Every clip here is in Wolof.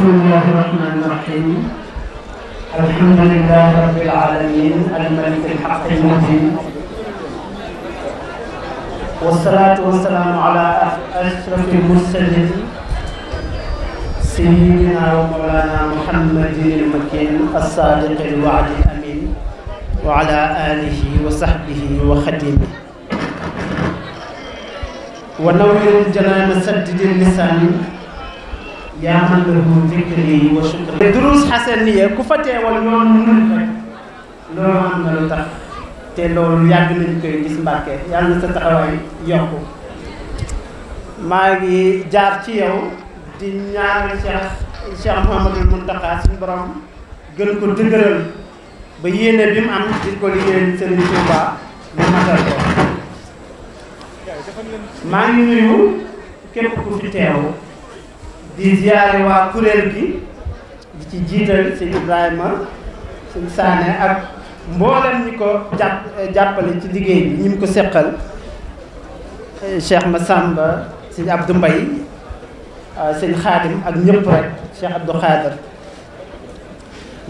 bismillahi irrahmani irrahim alhamdulilahi rabbil alamin almaliki alhaqi almubin wasalaatu wasalaamu ala ashrafi mursalin سيدنا ومولانا محمد المكين الصادق الوعد الامين وعلى اله وصحبه وخديمه ونور الجنان مسدد اللسان yaa man la mu dikkali wa sukri durus xasaniya ku fa teewal yoon mun rek loolu am na lu tax te loolu yàgg nañ koy gis Mbàkke yàlla na sa taxawaay yokku maa ngi jaar ci yow di ñaanal Cheikh Cheikh Mouhamadul Mountakha suñu borom gën ko dëgëral ba yéene bi mu am di ko liggéeyal Serigne Touba mu matal ko maa ngi nuyu képp ku fi teew di ziare waa kuréel gi di ci jiital sëñ Ibrahima sëñ Saane ak mboolem ñi ko jàpp jàppale ci liggéey bi ñi mu ko seqal Cheikh Massamba sëñ Abdou mbay ah, sëñ Xaadim ak ñëpp rek Cheikh Abdou Xaadir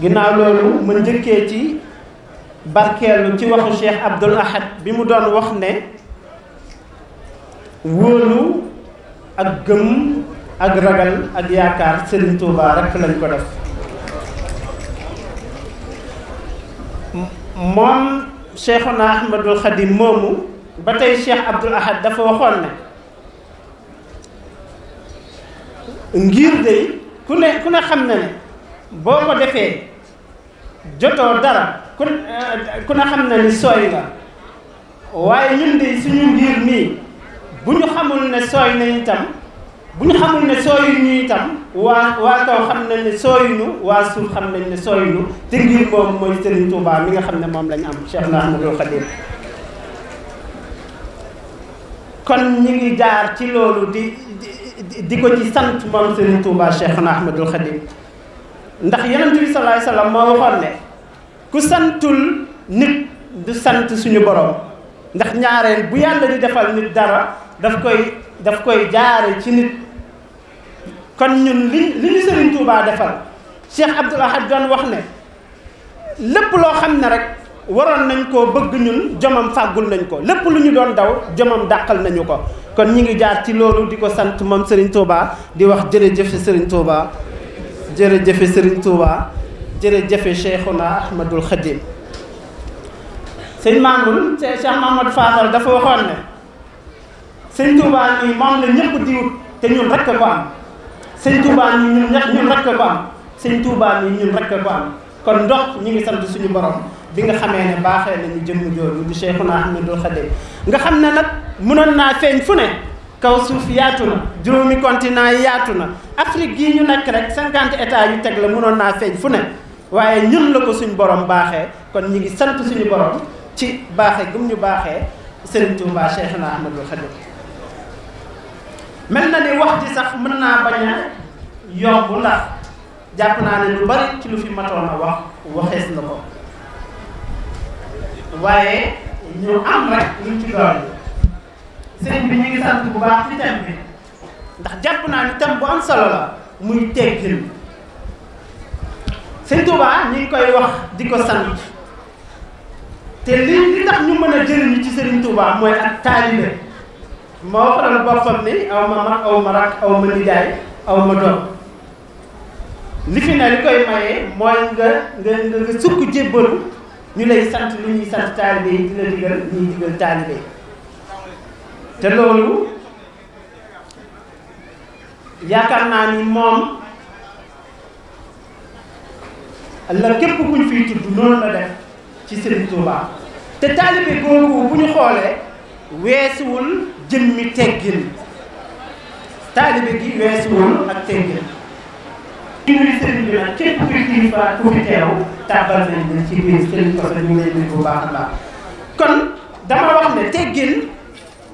ginnaaw loolu ma njëkkee ci barkeelu ci waxu Cheikh Abdoul Ahad bi mu doon wax ne wóolu ak gëm ak ragal ak yaakaar Serigne Touba rekk lañ ko def moom Cheikhuna Ahmadul Khadim moomu ba tey Cheikh Abdoul Ahad dafa waxoon ne ngir de ku ne xam na ne boo ko defee jotoo dara ku eh, ku ne ni sooy nga waaye ñun de suñu ngir nii bu xamul ne sooy nañ tam bu ñu xamul ne sooyu ñu itam waa waa kaw xam nañ ne sooyunu waa suuf xam nañ ne sooyunu te ngir moom mooy Sëriñ Tuubaa mi nga xam ne moom lañu am Cheikh Ahmadou Khadim kon ñu ngi jaar ci loolu di di ko ci sant moom Sëriñ Tuubaa Cheikh Ahmadou Khadim ndax Yonent bi sallallahu alayhi wa sallam moo waxoon ne ku santul nit du sant suñu borom ndax ñaareel bu yàlla di defal nit dara dafa koy daf koy jaare ci nit kon ñun li ñu Serigne Touba defal Cheikh Abdoul Ahad doon wax ne lépp loo xam ne rek waroon nañ ko bëgg ñun jomam fàggul nañ ko lépp lu ñu doon daw jomam dàqal nañu ko kon ñu ngi jaar ci loolu di ko sant moom sëriñ Touba di wax jëre Serigne sëriñ jërëjëfe Serigne Touba jërëjëfe Cheikhuna Ahmadul Khadim sëñ Mamoul Cheikh Mamadou Fadal dafa waxoon ne sëñ Touba nii moom la ñëpp diw te ñun rek ko am sëñ Touba nii ñun ñëpp ñun rek ko am sëñ Touba ñun rek ko am kon ndox ñu ngi sant suñu borom bi nga xamee ne baaxee nañu jëmm jooju di Cheikhuna Ahmadul Khadim nga xam ne nag mënoon naa feeñ fu ne kaw suuf yaatu na juróomi continent yi yaatu na Afrique gii ñu nekk rek cinquante états ñu teg la mënoon naa feeñ fu ne waaye ñun la ko suñu borom baaxee kon ñu ngi sant suñu borom ci baaxe gum ñu baaxee Sëriñ Touba Cheikhuna Ahmadul Khadim mel na ni wax ji sax mën naa bañ a yomb ndax jàpp naa ne lu bari ci lu fi matoon a wax waxees na ko waaye ñu am rek luñ ci doon sëriñ bi ñu ngi sant bu baax bi ndax jàpp naa ni thème bu am solo la muy teggin sëñ Tuubaa ñu ngi koy wax di ko sant te li li tax ñu mën a jëriñu ci sëriñ Tuubaa mooy ak taalibe moo faral boppam ni aw ma mag aw ma rakk aw ma aw ma doom li fi ne li koy maye mooy nga nga nga sukk jébbalu ñu lay sant lu ñuy sant taalibe yi la digal ñuy digal taalibe yi yaakaar naa ni moom la képp ku ñu fiy tudd noonu la def ci Serigne Touba te taalibe googu bu ñu xoolee weesuwul jëmmi teggin taalibe gi weesuwul ak teggin ñu ngi sëriñ bi nag képp kuy kilifa ku fi teew tàbbal nañ leen ci biir sëriñ ko ñu ngi lay nuyu bu baax a baax kon dama wax ne teggin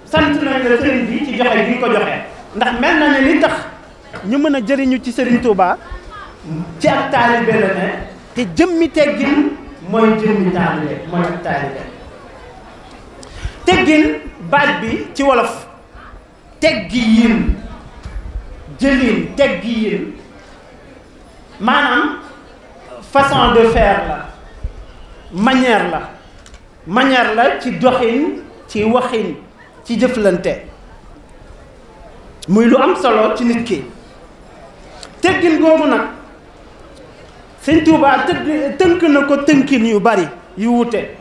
sant nañ la sëriñ bi ci joxe bi ko joxe ndax mel na ne li tax ñu mën a jëriñu ci sëriñ Touba ci ak taalibe la ne te jëmmi teggin mooy jëmmi taalibe mooy taalibe teggin baat bi ci wolof teggi yin jëlin teggi yin maanaam façon de faire la manière la manière la ci doxin ci waxin ci jëflante muy lu am solo ci nit ki teggin googu nag Sëñ Tuubaa tëgg tënk na ko tënkin yu bari yu wute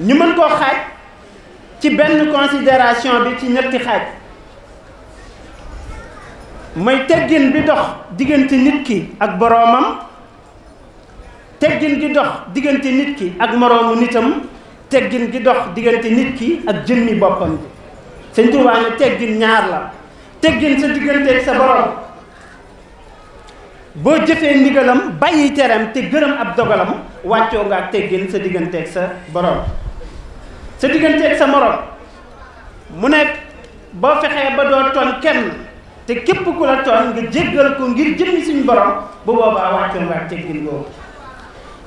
ñu mën koo xaaj ci benn considération bi ci ñetti xaaj mooy teggin bi dox diggante nit ki ak boroomam teggin gi dox diggante nit ki ak moroomu nitam teggin gi dox diggante nit ki ak jëmmi boppam bi Sëñ Tuubaa ne teggin ñaar la teggin sa diggante ak sa boroom boo jëfee ndigalam bàyyi teram te gërëm ab dogalam wàccoo nga ak teggin sa diggante sa boroom sa diggante ak sa morom mu nekk boo fexee ba doo tooñ kenn te képp ku la tooñ nga jéggal ko ngir jëmmi suñu borom bu boobaa wàccoon waa teggin boobu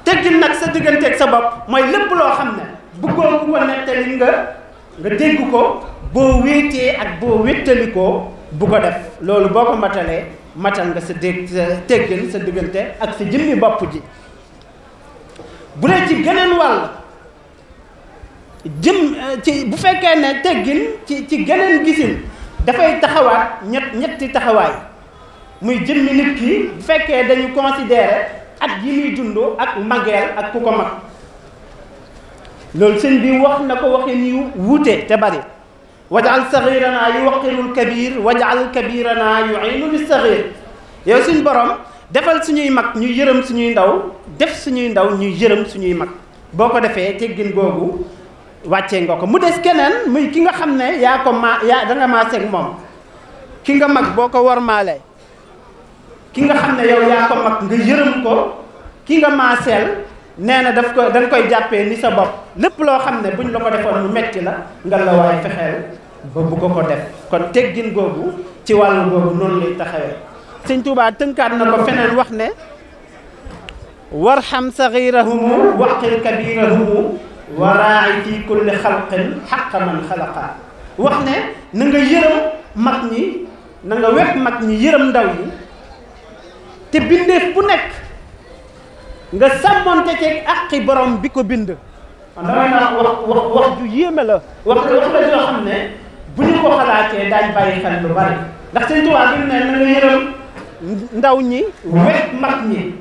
teggin nag sa diggante ak sa bopp mooy lépp loo xam ne bëggoo ku ko nettali nga nga dégg ko boo wéetee ak boo wéttali ko bu ko def loolu boo ko matalee matal nga sa dégg sa teggin sa diggante ak sa jëmmi bopp ji bu dee ci geneen wàll jëm ci bu fekkee ne teggin ci ci geneen gisin dafay taxawaat ñett ñetti taxawaay muy jëmmi nit ki bu fekkee dañu considérer at yi muy dund ak mageel ak ku ko mag loolu sëñ bi wax na ko waxin yu wuute te bari wajal saxiranaa yu waqirul kabir wajal kabiranaa yu aynul saxir yow suñ borom defal suñuy mag ñu yërëm suñuy ndaw def suñuy ndaw ñu yërëm suñuy mag boo ko defee teggin boobu wàccee nga ko mu des keneen muy ki nga xam ne yaa ko ma yaa danga maaseeg moom ki nga mag boo ko war wormaale ki nga xam ne yow yaa ko mag nga yërëm ko ki nga maaseel nee na daf ko da koy jàppee ni sa bopp lépp loo xam ne buñ la ko defoon mu metti la nga la waay fexeel ba bu ko ko def kon teggin googu ci wàllu googu noonu lay taxawee sëñ Tuubaa tënkaat na ko feneen wax ne warxam saxiirahumu waqil kabirahumu waraayi fii kulli xalqin xaqa man xalaqa wax ne na yërëm mag ñi na wekk mag ñi yërëm ndaw ñi te bindeef bu nekk nga sàmmonte ceeg àqi borom bi ko bind damay naa wax wax wax ju yéeme la wax wax la joo xam ne bu ñu ko xalaatee daañ bàyyi xel lu bari ndax sëñ Tuubaa mu ne na yërëm ndaw ñi wekk mag ñi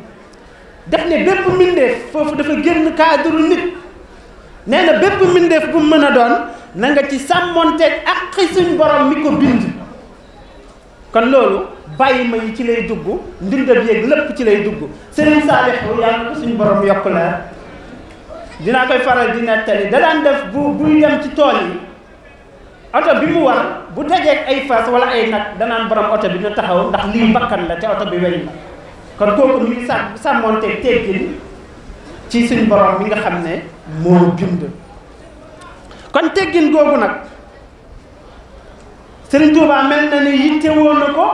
def ne bépp mbindeef foofu dafa génn cadre nit nee na bépp mbindeef bu mën a doon na nga ci sàmmonteeg ak xi suñ borom mi ko bind kon loolu bàyyi ma yi ci lay dugg ndindab yéeg lépp ci lay dugg sëriñ Saalix yàlla ko suñ borom yokk la dinaa koy faral di nettali da daan def bu buy dem ci tool yi oto bi mu war bu dajeeg ay fas wala ay nag danaan borom oto bi na taxaw ndax lii mbakkan la te oto bi weñ la kon kooku mi ngi sàmmonteeg teggin ci suñ borom bi nga xam ne moo bind kon teggin googu nag Sëriñ Tuubaa mel na ne yitte woon na ko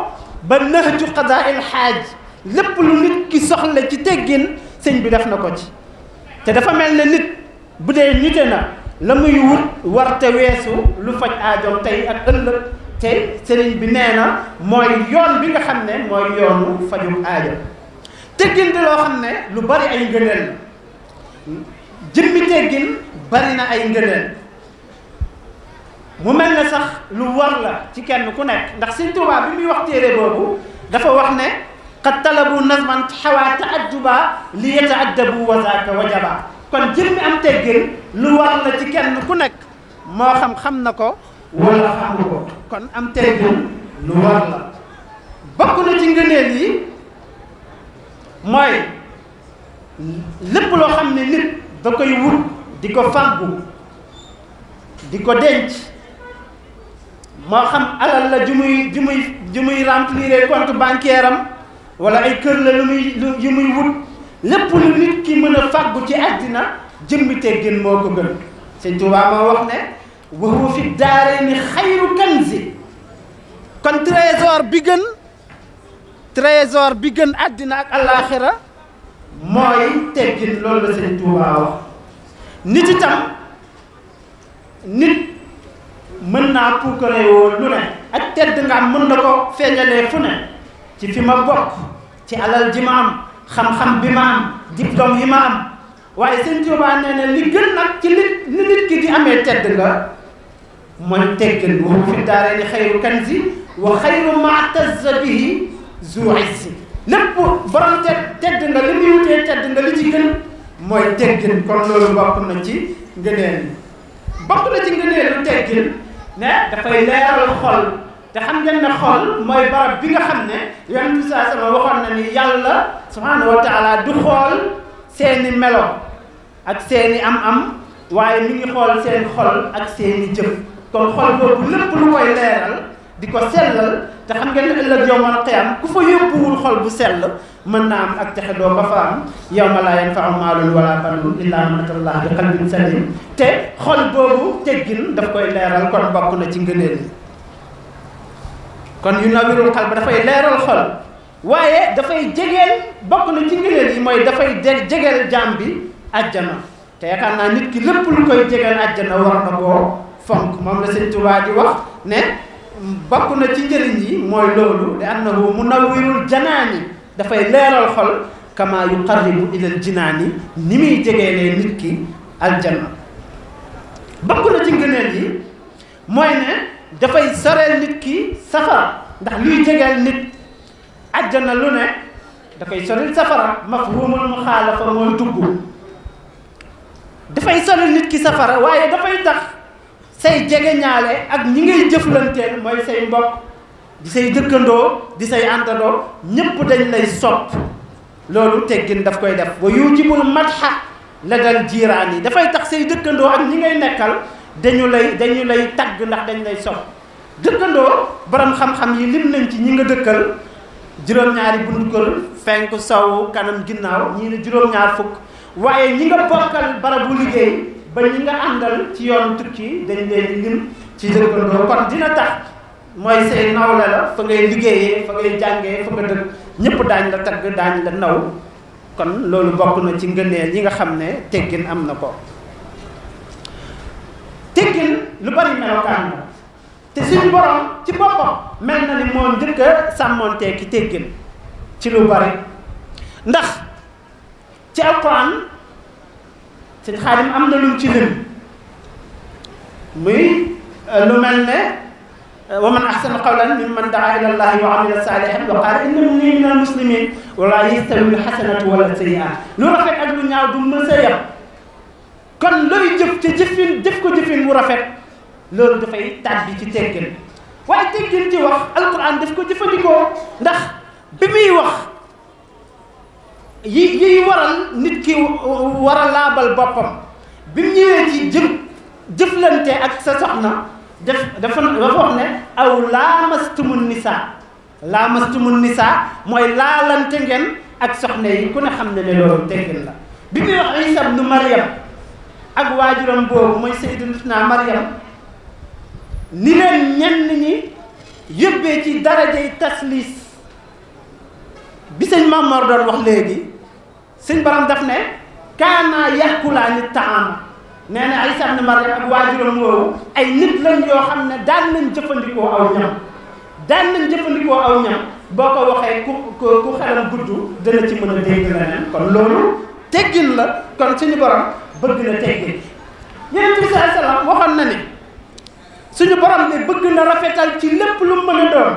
ba nahju qadaa il xaaj lépp lu nit ki soxla ci teggin sëñ bi def na ko ci te dafa mel na nit bu dee nite na la muy wut warte weesu lu faj aajom tey ak ëllëg te sëriñ bi nee na mooy yoon bi nga xam ne mooy yoonu fajum aajo teggin di loo xam ne lu bari ay ngëneel jëmmi teggin bari na ay ngëneel mu mel ne sax lu war la ci kenn ku nekk ndax Sëñ Tuubaa bi muy wax téere boobu dafa wax ne qad talabu nazman xawaa taadduba li yataaddabu wa zaaka wajaba kon jëmmi am teggin lu war la ci kenn ku nekk moo xam xam na ko wala xamu ko kon am teggin lu war la bokk na ci ngëneel yi mooy lépp loo xam ne nit da koy wut di ko fàggu di ko denc moo xam alal la ju muy ju muy ju muy remplir compte bancaire am wala ay kër la lu muy yu muy wut lépp lu nit ki mën a fàggu ci àddina jëmbi teggin moo ko gën sëñ Tuubaa moo wax ne wa huwa fi daarayni xayru kanzi kon trésor bi gën trésor bi gën àddina ak àllaaxira mooy teggin loolu la sëñ Tuubaa wax nit itam nit mën naa puukare woo lu ne ak tedd nga am mën na ko feeñalee fu ne ci fi ma bokk ci alal ji ma am xam-xam bi ma am diplôme yi ma am waaye sëñ Tuubaa nee na li gën nag ci nit nit ki di amee tedd nga mooy teggin waxu fi daara ni xayru kanzi wa xayru ma tazza bihi zu izzi lépp borom te tedd nga li muy wutee tedd nga li ci gën mooy teggin kon loolu bokk na ci ngëneel bokk na ci ngëneelu teggin ne dafay leeral xol te xam ngeen ne xol mooy barab bi nga xam ne yonent bi saa sama waxoon na ni yàlla subhaanahu wa taala du xool seeni melo ak seeni am-am waaye mi ngi xool seen xol ak seeni jëf kon xol boobu lépp lu koy leeral di ko sellal te xam ngeen ne ëllëg yowmal qiyaam ku fa yóbbuwul xol bu sell mën naa am ak texe doo nga fa am yawma laa yanfa'u maalun wala banuun illaa man ataa Allaah bi qalbin saliim te xol boobu teggin daf koy leeral kon bokk na ci ngëneel yi kon yu nawirul qalb dafay leeral xol waaye dafay jegeel bokk na ci ngëneel yi mooy dafay jegeel jaam bi àjjana te yaakaar naa nit ki lépp lu koy jegeel àjjana war na koo fonk moom la Sëñ Tuubaa di wax ne bokk na ci njëriñ yi mooy loolu li annahu munawwirul janaani dafay leeral xol kama yuqarribu ilal jinaani ni muy jegeelee nit ki aljanna bokk na ci ngëneel yi mooy ne dafay soreel nit ki safara ndax luy jegeel nit aljanna lu ne da koy soreel safara mafhumul muxaalafa mooy dugg dafay soreel nit ki safara waaye dafay tax say jegeñaale ak ñi ngay jëflanteel mooy say mbokk di say dëkkandoo di say àndandoo ñépp dañ lay sopp loolu teggin daf koy def wa yujibul madha la dal jiiraan yi dafay tax say dëkkandoo ak ñi ngay nekkal dañu lay dañu lay tagg dañ lay sopp dëkkandoo borom xam-xam yi lim ci ñi nga dëkkal juróom-ñaari buntu kër fenk sow kanam ginnaaw ñii ne juróom-ñaar fukk waaye ñi nga bokkal barabu liggéey ba ñi nga àndal ci yoon tukki dañ leen di lim ci dëkkandoo kon dina tax mooy say nawle la fa ngay liggéeyee fa ngay jàngee fa nga dëkk ñëpp daañ la tagg daañ la naw kon loolu bokk na ci ngëneel yi nga xam ne teggin am na ko teggin lu bari melokaan la te suñu borom ci boppam mel na ni moo njëkk a sàmmontee ki teggin ci lu bari ndax ci alquran sëñ xaadim am na lum ci lim muy euh, lu mel ne euh, wa man ahsanu qawlan mimman daa ila allahi wa amila salihan wa qaala innani min al muslimin wala yastawi al hasanatu wala sayyi'at lu rafet ak lu ñaaw du mës kon looy jëf ca jëfin ko jëfin wu rafet loolu dafay tàbbi ci teggin waaye teggin ci wax alquran daf ko jëfandikoo ndax bi muy wax yi yiy waral nit ki war laabal boppam bi mu ñëwee ci jëf jëflante ak sa soxna def dafa wax ne aw laamastumu nisaa laamastumu nisaa mooy laalante ngeen ak soxna yi ku ne xam ne ne loolu teggin la bi muy wax Isa ibnu Maryam ak waajuram boobu mooy Sayyidatuna Maryam ni leen ñenn ñi yóbbee ci darajay taslis bi sëñ Mamor doon wax léegi suñ borom daf ne kaanaa yàqulaa ni taama nee na Isa ibn Maryam ak waajuram woowu ay nit lañ yoo xam ne daan nañ jëfandikoo aw ñam daan nañ jëfandikoo aw ñam boo ko waxee ku ku xelam gudd dana ci mën a dégg leneen kon loolu teggin la kon suñu borom bëgg na teggin yonent bi sallallahu alayhi wasallam waxoon na ni suñu borom ne bëgg na rafetal ci lépp lu mën a doon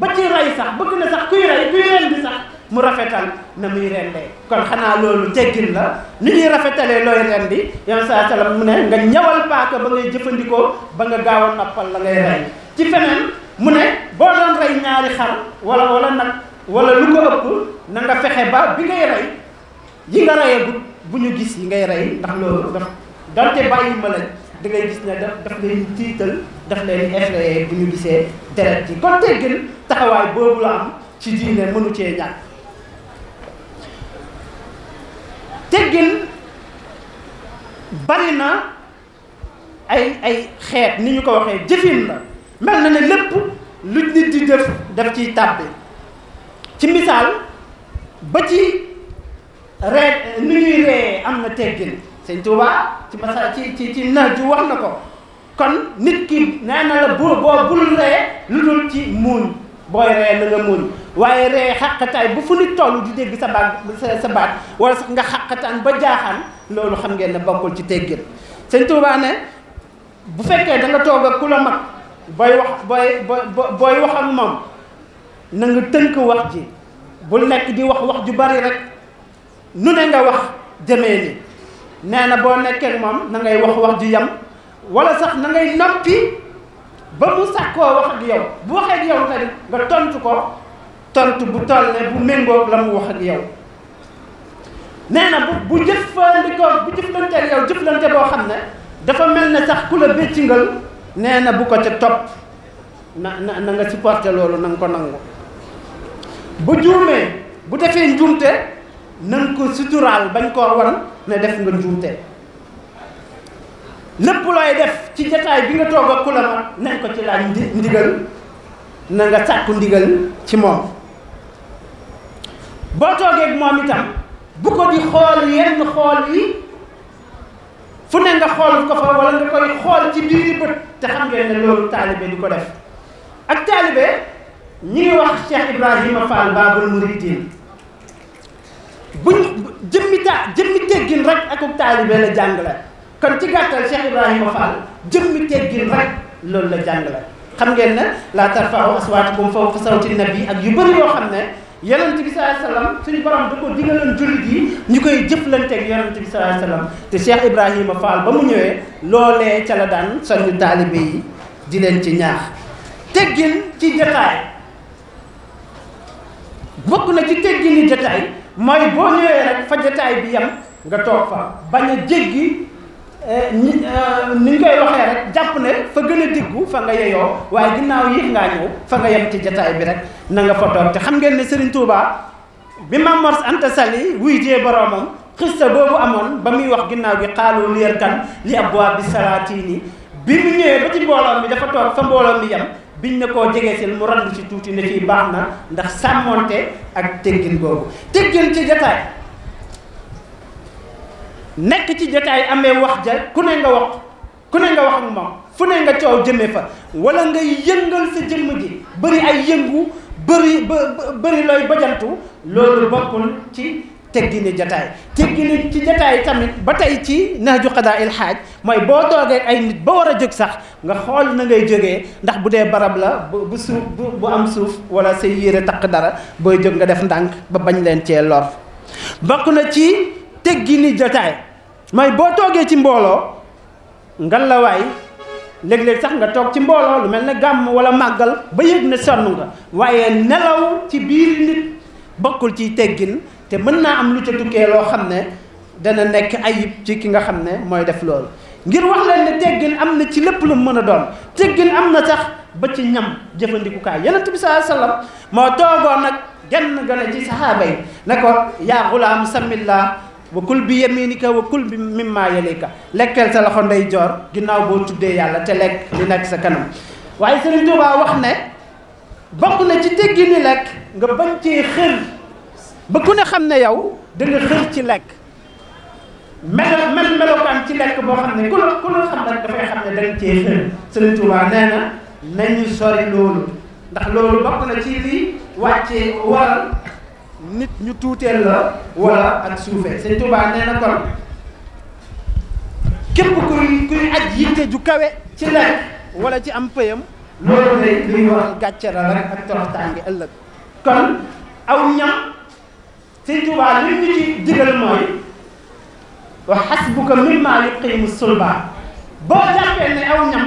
ba ci rey sax bëgg na sax kuy rey kuy ren bi sax mu rafetal na muy rendee kon xanaa loolu teggin la ni ñuy rafetalee looy rendi yoon saa salaam mu ne nga ñawal paaka ba ngay jëfandikoo ba nga gaaw a nappal la ngay rey ci feneen mu ne boo doon rey ñaari xar wala wala nag wala lu ko ëpp na nga fexe ba bi ngay rey yi nga reyagut bu ñu gis yi ngay rey ndax loolu daf donte bàyyi ma lañ da ngay gis ne daf daf leen tiital daf leen effrayé bu ñu gisee deret yi kon teggin taxawaay boobu la am ci diine mënu cee ñàkk teggin bari na ay ay xeet ni ñu ko waxee jëfin la mel na ne lépp lu nit di def daf ciy tàbbi ci misaal ba ci ree nu ñuy ree am na teggin sëñ Tuubaa ci masa ci ci ci naaj wax na ko kon nit ki nee na la bu boo bul ree lu dul ci muuñ booy ree na muuñ waaye ree xàqataay bu fu nit toll di dégg sa baat sa baat wala sax nga xàqataan ba jaaxaan loolu xam ngeen ne bokkul ci teggin sëñ Tuubaa bu fekkee da nga toog ak ku la mag booy wax booy booy wax moom na nga tënk wax ji bul nekk di wax wax ju bari rek nu ne nga wax jëmee ni nee na boo nekkee moom na ngay wax wax ju yam wala sax na ngay noppi ba mu sàkkoo wax ak yow bu waxee ak yow tamit nga tontu ko tontu bu toll ne bu méngoo la mu wax ak yow nee bu bu jëfandikoo bu jëflante ak yow jëflante boo xam ne dafa mel ne sax ku la béccingal nee na bu ko ca topp na na nga supporté loolu na nga ko nangu bu juumee bu defee njuumte na nga ko suturaal bañ koo wan ne def nga njuumte lépp looy def ci jataay bi nga toog ak ku la mag nañ ko ci laaj ndigal na nga sàkku ndigal ci moom boo toogee moom itam bu ko di xool yenn xool yi fu ne nga xool ko fa wala nga koy xool ci biir bët te xam ngeen ne loolu taalibe di ko def ak taalibe ñi ngi wax Cheikh Ibrahima Fall Babul Mouridine buñ jëmmi ta jëmmi teggin rek akub taalibe la jàngale kon ci gàttal Cheikh Ibrahima Fall jëmmi teggin rek loolu la jàngale xam ngeen ne la tarfa'u aswaatakum fawqa sawti nabi ak yu bëri yoo xam ne yonent bi sallallahu alayhi wasallam suñu borom da ko digaloon jullit yi ñu koy jëflanteeg yonent bi sallallahu alayhi wasallam te Cheikh Ibrahima Fall ba mu ñëwee loolee ca la daan soññ taalibe yi di leen ci ñaax teggin ci jataay bokk na ci teggini jataay mooy boo ñëwee rek fa jataay bi yam nga toog fa bañ a jéggi ñi euh, ni ñu koy waxee rek jàpp ne fa gën a diggu fa nga yeyoo waaye ginnaaw yéex ngaa ñëw fa nga yem ci jataay bi rek na nga fa toog te xam ngeen ne Serigne Touba bi ma Mor Anta Sali wuy jee boroomam xista boobu amoon ba muy wax ginnaaw bi xaalu lier kan li ab waa bi salaatiini bi mu ñëwee ba ci mbooloo mi dafa toog fa mbooloo mi yem biñ ne koo jege mu rand ci tuuti ne fii baax na ndax sàmmoonte ak teggin boobu teggin ci jataay nekk ci jataay amee wax ja ku ne nga wax ku ne nga wax ak moom fu ne nga coow jëmee fa wala nga yëngal sa jëlm ji bëri ay yëngu bëri ba bëri looy bajantu loolu bokkul ci teggini jotaay teggini ci jotaay tamit ba tey ci nahju qadaa il xaaj mooy boo toogee ay nit ba war a jóg sax nga xool na ngay jóge ndax bu dee barab la bu suuf bu am suuf wala say yére taq dara booy jóg nga def ndànk ba bañ leen cee lor bokk na ci teggini jotaay mooy boo toogee ci mbooloo ngan la waay léeg-léeg sax nga toog ci mbooloo lu mel ne gàmm wala màggal ba yëg ne sonn nga waaye nelaw ci biir nit bokkul ci teggin te mën naa am lu ca dukkee loo xam ne dana nekk ayib ci ki nga xam ne mooy def loolu ngir wax leen ne teggin am na ci lépp lu mën a doon teggin am na sax ba ci ñam jëfandikukaay yonent bi saa sallam moo toogoon nag genn gën a ci saxaaba yi ne ko yaa gulaam wa kul bi yaminika wa kul bi mimma yalika lekkal sa loxo ndeyjoor joor ginnaaw boo tuddee yàlla te lekk li nekk sa kanam waaye Sëriñ Tuubaa wax ne bokk na ci teggi ni lekk nga bañ cee xër ba xam ne yow da ci lekk melo mel melokaan ci lekk boo xam ne ku la ku la xam rek dafay xam ne da nga cee xër Sëriñ Tuubaa nee nañu sori loolu ndax loolu bokk na ci lii wàccee waral nit ñu tuuteel la wala ak suufee sëñ Tuubaa nee kon képp kuy kuy aj yitte ju kawe ci lekk wala ci am pëyam loolu lay luy waral gàcce la rek ak toroxtaange ëllëg kon aw ñam sëñ Tuubaa li ñu ci digal mooy wa xasbuka mimma yuqimu sulba boo jàppee ne aw ñam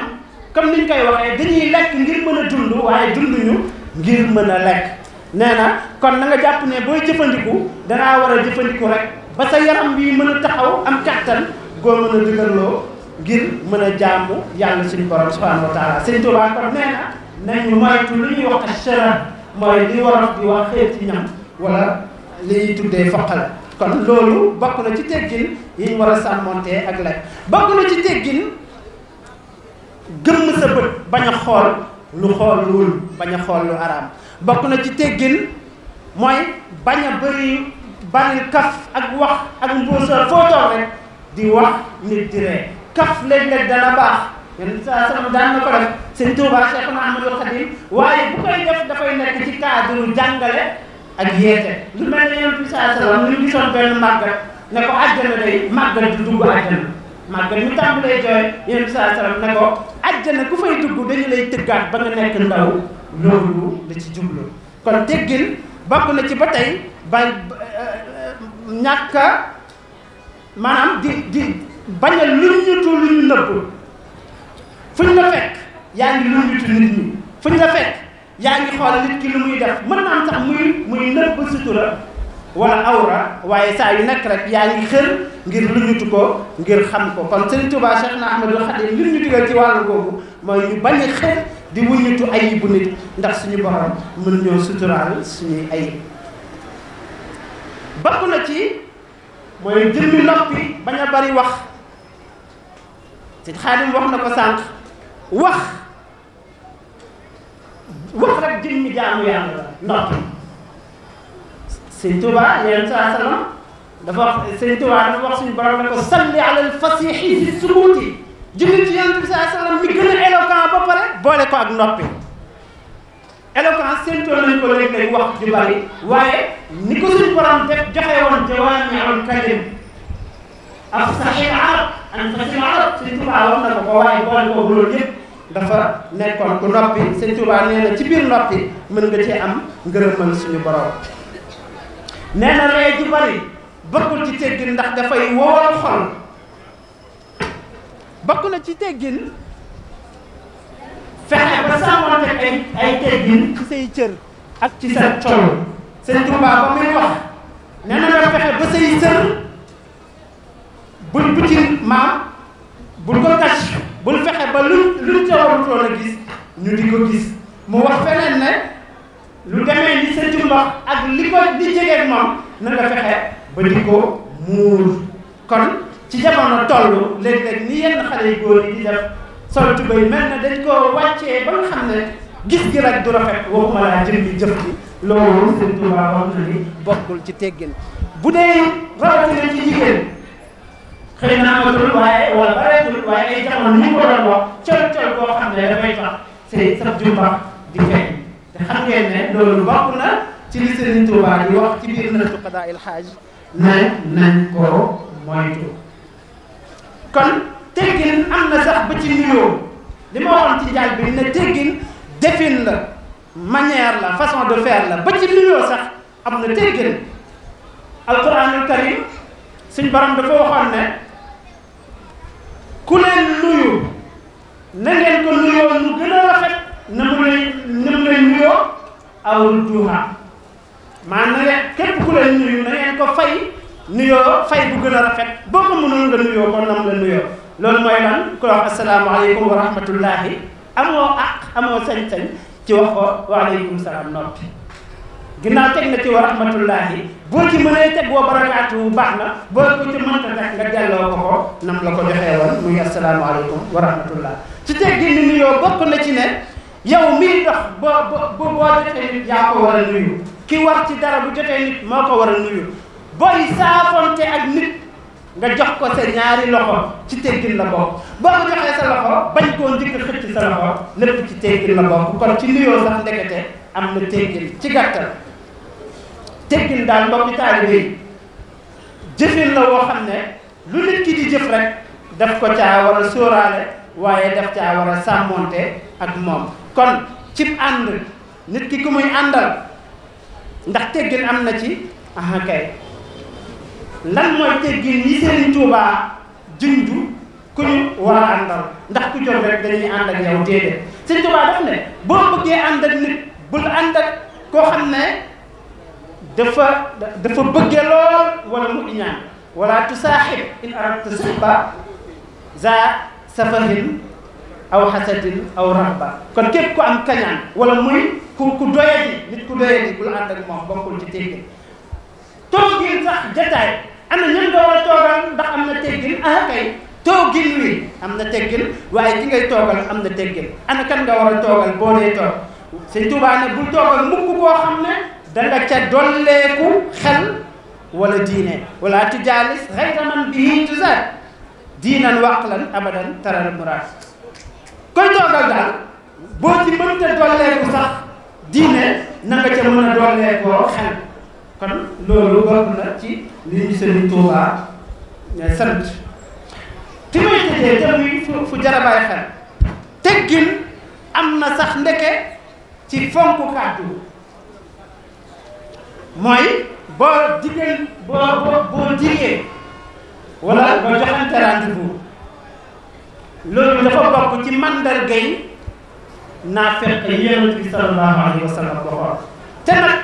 comme niñ koy waxee dañuy lekk ngir mën a dund waaye dunduñu ngir mën a lekk nee na kon na nga jàpp ne booy jëfandiku danaa war a jëfandiku rek ba sa yaram bi mën a taxaw am kàttan goo mën a dëgërloo ngir mën a jaamu yàlla suñu borom subhanahu wa taala sëñ Tuubaa kon nee nañu moytu li ñuy wax ashara mooy li wolof di wax xeeti ñam wala li ñuy tuddee foqal kon loolu bokk na ci teggin yi war a sàmmonte ak lekk bokk na ci teggin gëmm sa bët bañ a xool lu xool luul bañ a xool lu araam bokk na ci teggin mooy bañ a bëri bari kaf ak wax ak mbuusa foo toog rek di wax nit di ree kaf léeg-léeg dana baax yenn saa sama daan na ko def sëñ Tuubaa Cheikh Ahmadul Xadim waaye bu koy def dafay nekk ci cadre jàngale ak yeete lu mel ne yenn saa salaam ñu gisoon benn màggat ne ko àjjana day màggat du dugg àjjana màggal mi tàmbalee jooy yonent bi saa salaam ne ko àjjana ku fay dugg dañu lay tëggaat ba nga nekk ndaw loolu la ci jublu kon teggin bokk na ci ba tey ba euh, ñàkk maanaam di di bañ a luññutu lu ñu nëbb fu ñu la fekk yaa ngi luññutu nit ñi fu ñu la fekk yaa ngi xool nit ki lu muy def mën naa am sax muy muy nëbb sutura wala awra waaye saa yu nekk rek yaa ngi xër ngir lu ñutu ko ngir xam ko kon Serigne Touba Cheikh na Ahmadou Khadim ngir ñu digal ci wàllu googu mooy ñu bañ a di wuññutu ayib bu nit ndax suñu borom mën ñoo suturaal suñuy ayib bokk na ci mooy jëmmi noppi bañ a bari wax ci Xaadim wax na ko sànq wax wax rek jëmmi jaamu yàlla noppi sëñ Tuubaa yéen saa salaam dafa wax sëñ Tuubaa dafa wax suñu borom ne ko salli alal fasiixi fi sukuuti julli ci yonent bi saa salaam mi gën a éloquent ba pare boole ko ak noppi éloquence séentoo nañ ko léeg-léeg wax ju nee na ci biir noppi mën nga cee am ngërëmal suñu borom. nee na ree ju bari bokkul ci teggin ndax dafay wowal xol bokk na ci teggin fexe ba sàmmante ay ay teggin ci say cër ak ci sa col sëñ Tuubaa ba muy wax nee na fexe ba say cër bul bucci maam bul ko kàcc bul fexe ba lu lu ca warutoon a gis ñu di ko gis mu wax feneen ne lu demee ni sa jur ak li ko di jegeeg moom na a fexe ba di ko muur kon ci jamono toll léeg-léeg ni yenn xale yu góor yi di def sol tubéy mel na dañ ko wàccee ba nga xam ne gis gi rek du rafet waxuma laa jëm bi jëf ci loolu sëñ bu dee rawatina na amatul waaye boo xam ne dafay tax sa jur di feeñ te xam ngeen ne loolu bokk na ci li Sëriñ Tuubaa di wax ci biir natu qadaa il xaaj ne nañ ko moytu kon teggin am na sax ba ci nuyoo li ma waxoon ci jaaj bi ne teggin défin la manière la façon de faire la ba ci nuyoo sax am na teggin alquranul karim suñ borom dafa waxoon ne ku leen nuyu na ko nuyoo mu gën a rafet na mu lay na mu lay nuyoo awul duuxa maanaam ne képp ku lay nuyu na ngeen ko fay nuyoo fay bu gën a rafet boo ko mënoon la nuyoo kon na la nuyoo loolu mooy lan ku la wax asalaamaaleykum wa rahmatullahi amoo àq amoo sañ-sañ ci wax ko waaleykum salaam noppi ginnaaw teg na ci wa rahmatullahi boo ci mënee teg wa barakaatu baax na boo ko ci mënta teg nga delloo ko ko nam la ko joxee woon muy asalaamaaleykum wa rahmatullah su teggee ni nuyoo bokk na ci ne yow mii dox ba ba boo jotee nit yaa ko war a nuyu ki war ci dara bu jotee nit moo ko war a nuyu booy saafonte ak nit nga jox ko sa ñaari loxo ci teggin la bokk boo ko joxee sa loxo bañ koo njëkk xëcc sa loxo lépp ci teggin la bokk kon ci nuyoo sax ndekete am na teggin ci gàttal teggin daal mbokki taalibe yi jëfin la woo xam ne lu nit ki di jëf rek daf ko ca war a sóoraale waaye daf caa war a sàmmoonte ak moom kon cib ànd nit ki ku muy àndal ndax teggin am na ci aha kay lan mooy teggin yi Serigne Touba junju ku ñu war àndal ndax ku jóg rek dañuy ànd ak yow déedéet Serigne Touba daf ne boo bëggee ànd nit bul ànd koo xam ne dafa dafa bëgge lool wala mu iñaan wala tusaaxib in arabta suhba za safahin aw xasadin aw rahba kon képp ku am kañaan wala muy ku ku doyadi nit ku doyadi bul ànd moom bokkul ci teggin toogin sax jataay am na ñun nga war a toogal ndax am na teggin ah kay toogin wi am na teggin waaye ki ngay toogal am na teggin ana kan nga war toogal boo dee toog sëñ Tuubaa ne bul toogal mukk koo xam ne danga ca dolleeku xel wala diine wala tujaalis xayra man bihi tuzaad diinan wa aqlan abadan taral muraad koy toogal daal boo ci mënta dolleeku sax diine na nga ca mën a dolleekoo xel kon loolu bokk na ci li ñu Sëriñ Tuubaa eh, sant fi may tëjee te muy fu fu jar a am na sax ndeke ci fonk kàddu mooy boo jigéen boo boo boo jigéen wala boo joxante loolu dafa bokk ci mandargay naa fekk yonent bi sallallahu alayhi wa sallam waxoon te nag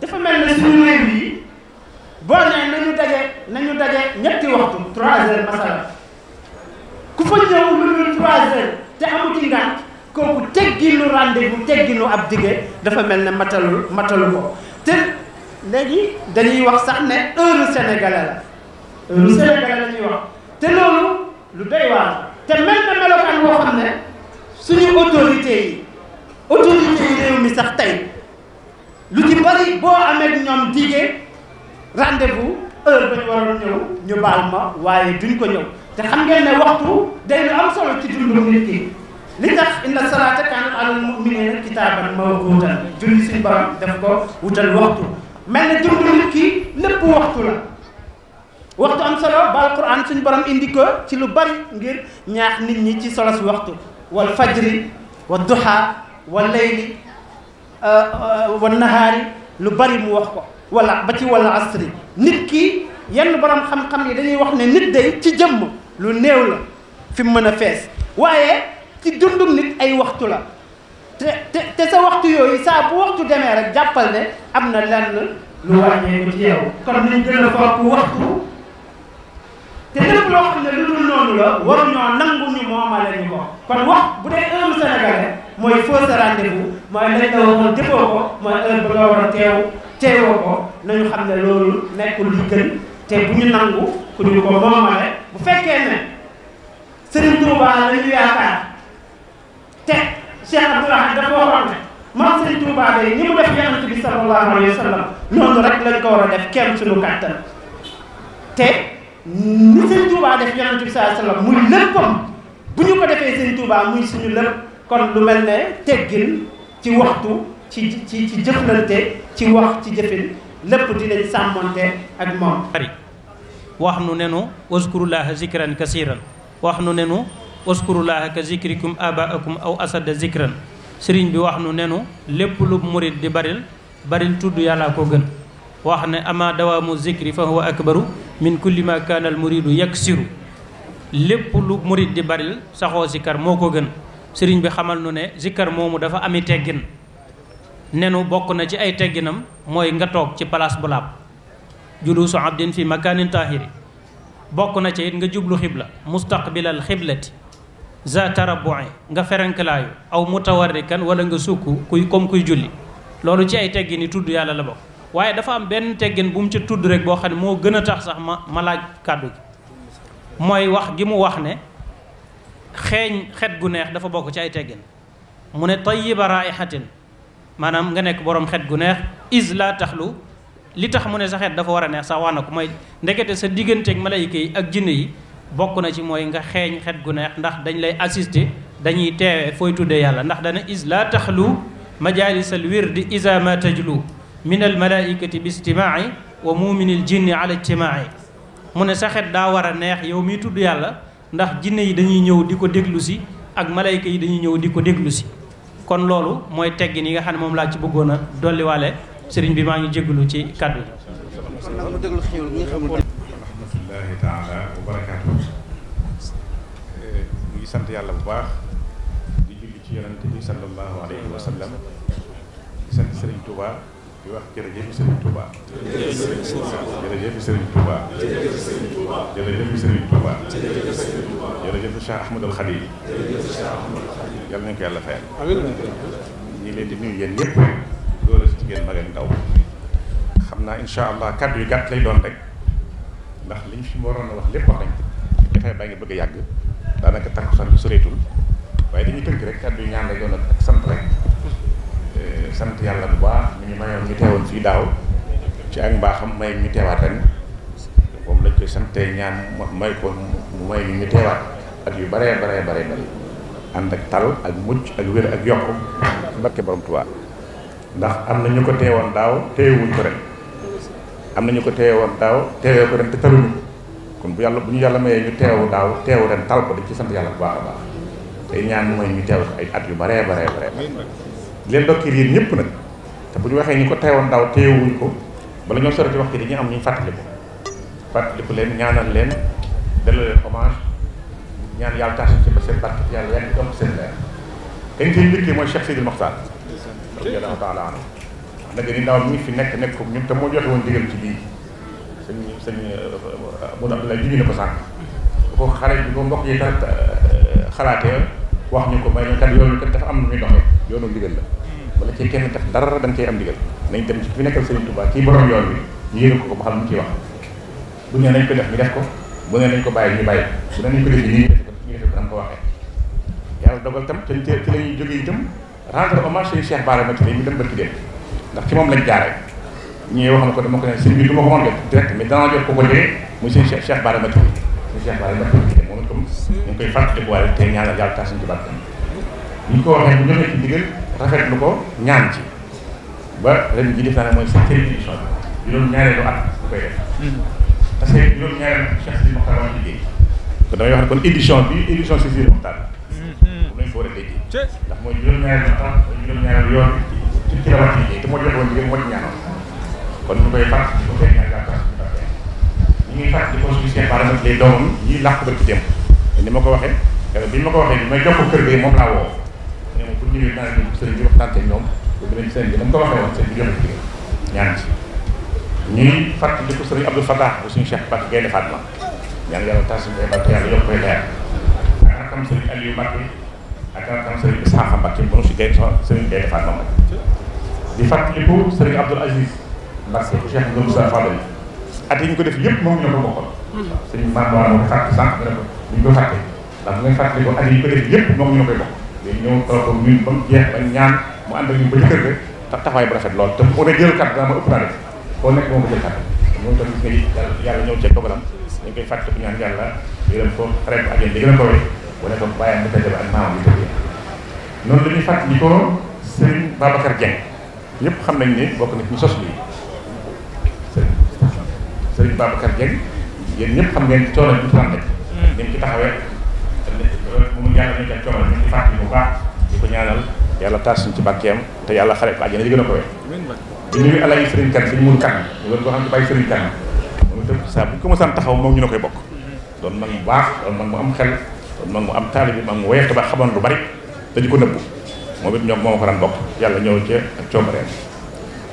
dafa mel ne suñu réew yi boo nee nañu daje nañu daje ñetti waxtu trois heures masala ku fa ñëw lu dul trois heures te amu ci ngànt kooku tegginu rendez-vous tegginu ab dige dafa mel ne matalu matalu ko te léegi dañuy wax sax ne heure sénégalais la heure sénégalais la wax te loolu lu doy waar te mel na melokaan woo xam ne suñu autorité yi autorité yi réew mi sax tey lu ci bari boo amee ñoom digee rendez-vous heure ba ñu waroon ñëw ñu baal ma waaye duñ ko ñëw te xam ngeen ne waxtu day lu am solo ci dundum nit ki li tax inna salaata kaanat alal mu'miniina kitaaban mawquutan julli suñu borom def ko wutal waxtu mel ne dundum nit ki lépp waxtu la waxtu am solo ba alquran suñu borom indi ko ci lu bari ngir ñaax nit ñi ci solo si waxtu walla fajri wa duha wa layli euh, euh, wa nahaari lu bari mu wax ko wala ba ci wala asri nit ki yenn borom xam-xam yi dañuy wax ne nit day ci jëmm lu néew la fi mu mën a fees waaye ci dundum nit ay waxtu la te te te sa waxtu yooyu saa bu waxtu demee rek jàppal ne am na lenn lu wàññeeku ci yow kon nañ gën a fopp waxtu loo xam lu noonu la a nangu ñu moomale ñu ko kon wax bu dee heure sénégalais mooy fausse rendez-vous mooy lañ la waxoon defoo ko mooy a teew li te bu ñu nangu ko moomale bu fekkee ne Serigne te Cheikh Abdoulaye dafa waxoon ne man Serigne Touba day ñi mu def yonent bi sallallahu alayhi wa sallam noonu rek lañ ko war a def kenn suñu kàttan te ni sëñ Touba def yonent bi saa sallam muy léppam bu ñu ko defee sëñ Touba muy suñu lépp kon lu mel ne teggin ci waxtu ci ci ci ci wax ci jëfin lépp dinañ sàmmonte ak moom bari wax nu nenu waskurullaha zikran kasiran wax nu nenu waskurullaha ka zikrikum abaakum aw asada zikran sëriñ bi wax nu nenu lépp lu murit di baril baril tudd yàlla ko gën wax ne ama dawaamu zikri fa huwa akbaru min kulli ma kaana al muridu yaksiru lépp lu murid di baril saxoo zikkar moo ko gën sëriñ bi xamal nu ne zikkar moomu dafa ami teggin nenu bokk na ci ay tegginam mooy nga toog ci place bu laab julusu abdin fi makanin tahiri bokk na ci it nga jublu xibla mustaqbilal xiblati za tarabuin nga ferenklaayu aw mutawarrikan wala nga sukk kuy comme kuy julli loolu ci ay teggini tudd yàlla la bokk waaye dafa am benn teggin bu mu ca tudd rek boo xam ne moo gën a tax sax ma ma kàddu gi mooy wax gi mu wax ne xeeñ xet gu neex dafa bokk ci ay teggin mu ne tayyiba xatin maanaam nga nekk boroom xet gu neex is la taxlu li tax mu ne sa xet dafa war a neex sax wax na ko mooy ndekete sa digganteeg malayka yi ak jinne yi bokk na ci mooy nga xeeñ xet gu neex ndax dañ lay assister dañuy teewee fooy tuddee yàlla ndax dana is la taxlu majalisal wirdi isa ma tajlu min almalaikati bi ijtimaai wa muminil jinni ala ijtimaai mu ne sa daa war a neex yow miy tudd yàlla ndax jinne yi dañuy ñëw di ko déglu si ak malayka yi dañuy ñëw di ko déglu si kon loolu mooy teggin yi nga xam ne moom laa ci bëggoon a dolliwaale sëriñ bi maa ngi jégalu ci kàddu yi. rahmatullahi taala wa barakaatu ñu ngi sant yàlla bu baax di julli ci yonente bi sallallahu alayhi wa sant sëriñ Touba. di wax jërëjëf Serigne Touba. jërëjëf Serigne Touba jërëjëf Serigne Touba. jërëjëf Serigne Touba jërëjëf Serigne Touba. jërëjëf Serigne Touba jërëjëf Cheikh Ahmadou Khadim. jërëjëf Cheikh Ahmadou Khadim. yal nañu ko yàlla fayal. amiin ñu ngi leen di nuyu yéen ñëpp loolu si jigéen mag ak ndaw xam naa incha allah kàddu yu gàtt lay doon rek ndax liñ fi waroon a wax lépp wax nañ ci dafay baa ngi bëgg a yàgg daanaka takkusaan bi soreetul waaye dañuy tënk rek kàddu yu ñaan lay doon ak sant rek Euh, sant yàlla bu baax ñu mayoon ñu teewoon fii daaw ci ak mbaaxam may ñu teewaat ren moom lañ koy santee ñaan may ko mu may ñu teewaat at yu baree baree baree bari ànd ak tal ak mucc ak ak yokk ci am na ñu ko teewoon daaw am na ko teewoon daaw teewee ko ren kon bu yàlla bu ñu yàlla mayee ñu teewu daaw teewu ren tal ko ci sant yàlla ñaan ñu ay at yu baree baree leen ndokkeel yéen ñëpp nag te bu ñu waxee ñu ko teewoon daaw teewuñ ko bala ñoo sore ci wax ci dañuy am ñu fàttaliku fàttaliku leen ñaanal leen delloo leen hommage ñaan yàlla tax ci ba seen barke yàlla yaa ngi am seen leer kañ koy njëkkee mooy Cheikh Sidil Mokhtar radiyallahu taala anhu nag ni daaw mi fi nekk nekk ñun te moo joxe woon digal ci bii sëñ sëñ euh, Modou Abdoulaye ji na ko sànq ko xale bi ko mbokk yi kat euh, xalaatee wax ñu ko may kat yoonu kat dafa am na muy doxee yoonu ndigal la wala ci kenn tax dara da nga cay am digal nañ dem ci fi nekkal Serigne Touba kii borom yoon bi ñu yëgal ko ko ba xam lu mu ciy wax bu ne nañ ko def ñu def ko bu ne nañ ko bàyyi ñu bàyyi bu ne ko def ko ñu def ko da nga ko waxee yàlla dogal tam te ci la ñuy jógee itam rendre hommage suñu Cheikh Bara Mathily mi dem ba ci dem ndax ci moom lañ jaaree ñu wax na ko dama ko ne sëñ bi du ma ko mën def direct mais danaa jox ko ko jëlee muy sëñ Cheikh ko waxee bu joxee ci ndigal rafetlu ko ñaan ci ba ren ji def naa ne mooy seen tëri émission bi que juróom-ñaareelu Cheikh Sidi Mokhtar moo kon damay wax ne bi édition si Sidi Mokhtar bu a déggee ndax mooy juróom-ñaareelu at mooy juróom-ñaareelu yoon ci a liggéey te moo joxoon liggéey moo ñaanoon làq ma ko waxee bi ma ko waxee bi may jox ko kër gi moom laa woo pour ñu ñëw daal ñoom sëriñ bi waxtaan ak ñoom ba dinañ seen bi dama ko waxee woon sëriñ bi joxe ko ñaan ci ñuy fàttali ko sëriñ Abdou Fatah bu suñu Cheikh Mbacke Gaynde Fatma ñaan yàlla tas suñu Mbacke yàlla yokk koy leer ak rakam sëriñ Aliou Mbacke ak rakam ko sëriñ Abdoul Aziz Mbacke bu Cheikh yi ñu ko def yëpp moom ñoo ko bokkoon mm-hmm. sëriñ Maam Mor moo ko fàtte sànq ñu ko yi ñu ko def yëpp moom ñoo koy bokk ñoom Pape ñun ba mu jeex ba ñaan mu ànd ak ñu ba ci kër ga te taxawaay bu rafet lool te on a jël carte daa ma ëpp naa def koo nekk moom ko jël carte moom tam gis nga ni yàlla ñëw cee dogalam dañ koy fàttali ñaan yàlla yërëm ko xarit ko ajeen di gën a kowee wala ko bàyyam dafa dem ak maamam yi tëddee noonu ko Serigne Babacar Dieng ñëpp xam nañ ne bokk na ci ñu sos lii Serigne Babacar Dieng yéen ñëpp xam ngeen coono bi ñu ci rànd hmm. ni mu ci taxawee bu mu jàll ñu ca coono ñu ngi fàttali bu baax di ko ñaanal yàlla taas ñu ci barkeem te yàlla xare ko àjjana di gën a ko wee di nuyu alay sëriñ kan suñu mun kan ñu doon ko xam ne bàyyi sëriñ kan moom moom ñu koy bokk doon mag mu baax doon mag mu am xel doon mag am taali bi mag mu weex te ba xamoon lu bari dañu ko nëbbu moom it ñoom moo ko daan bokk yàlla ñëw ci ak coobareem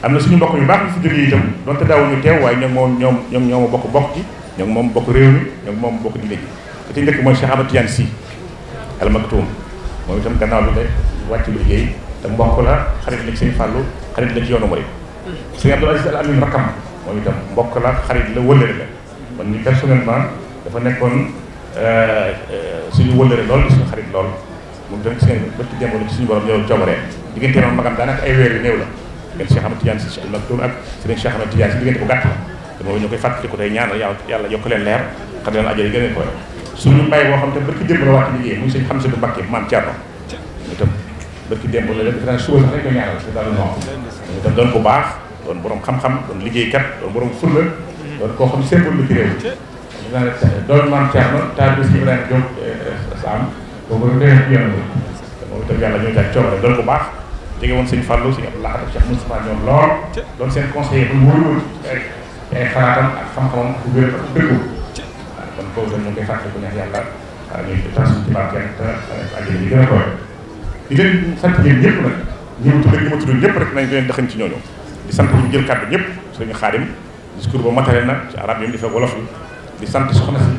am na suñu mbokk yu baax ñu fi jógee itam donte daawuñu teew waaye ñoom ñoom ñoom ñoom bokk bokk gi ñoom moom bokk réew mi ñoom moom bokk diine gi te ci njëkk mooy Cheikh Amadou Tidiane Sy al maktuum moom itam gannaaw lu de wàcc liggéey te mbokk la xarit la ci Sëñ Fàllu xarit la ci yoonu Murid Sëñ Abdul Aziz Al Amin rakam moom itam la xarit la wëllëre la man ni personnellement dafa nekkoon euh, euh, suñu wëllëre lool di suñu xarit lool moom itam seen bëtt jamono ci suñu borom yow coobaree diggante magam daanaka ay weer yu néew la ngeen Cheikh Ahmed Tidiane si Al Maktoum ak sëriñ Cheikh Ahmed Tidiane si diggante ko gàtt la te moom ñu koy fàttali ko tey yàlla yàlla yokk leen leer xam leen ajo yi gën a koy su suñu mbay boo xam te barki démb la wàcc liggéey muy sëñ xam satu Mbàkke maam Thierno itam barki démb la def naa suba sax rek ko ñaanal si daal non itam doon bu baax doon borom xam-xam doon liggéeykat doon borom fulla doon koo xam sémbol la ci réew dinaa ne doon maam Thierno taal bi si Ibrahima Diop eh, eh, saam boobu rek dee yoon moom doon bu baax jege woon sëñ Fallou sëñ Abdou Lahad Cheikh Moustapha ñoom lool doon seen conseiller bu wóor woon ay xalaatam ak xam-xamam bu wér ak boobu nag mu ngi koy fàttali ko neex yàlla ñu ngi tas ci barkeel te àjjana yi gën a koy di leen sant yéen ñëpp nag ñu tudd ñu ma tudd ñëpp rek nañ leen dëxan ci ñooñu di sant ñu jël kàddu ñëpp sëriñ Xaadim discours ba matale na ci arab yi mu defee wolof yi di sant soxna si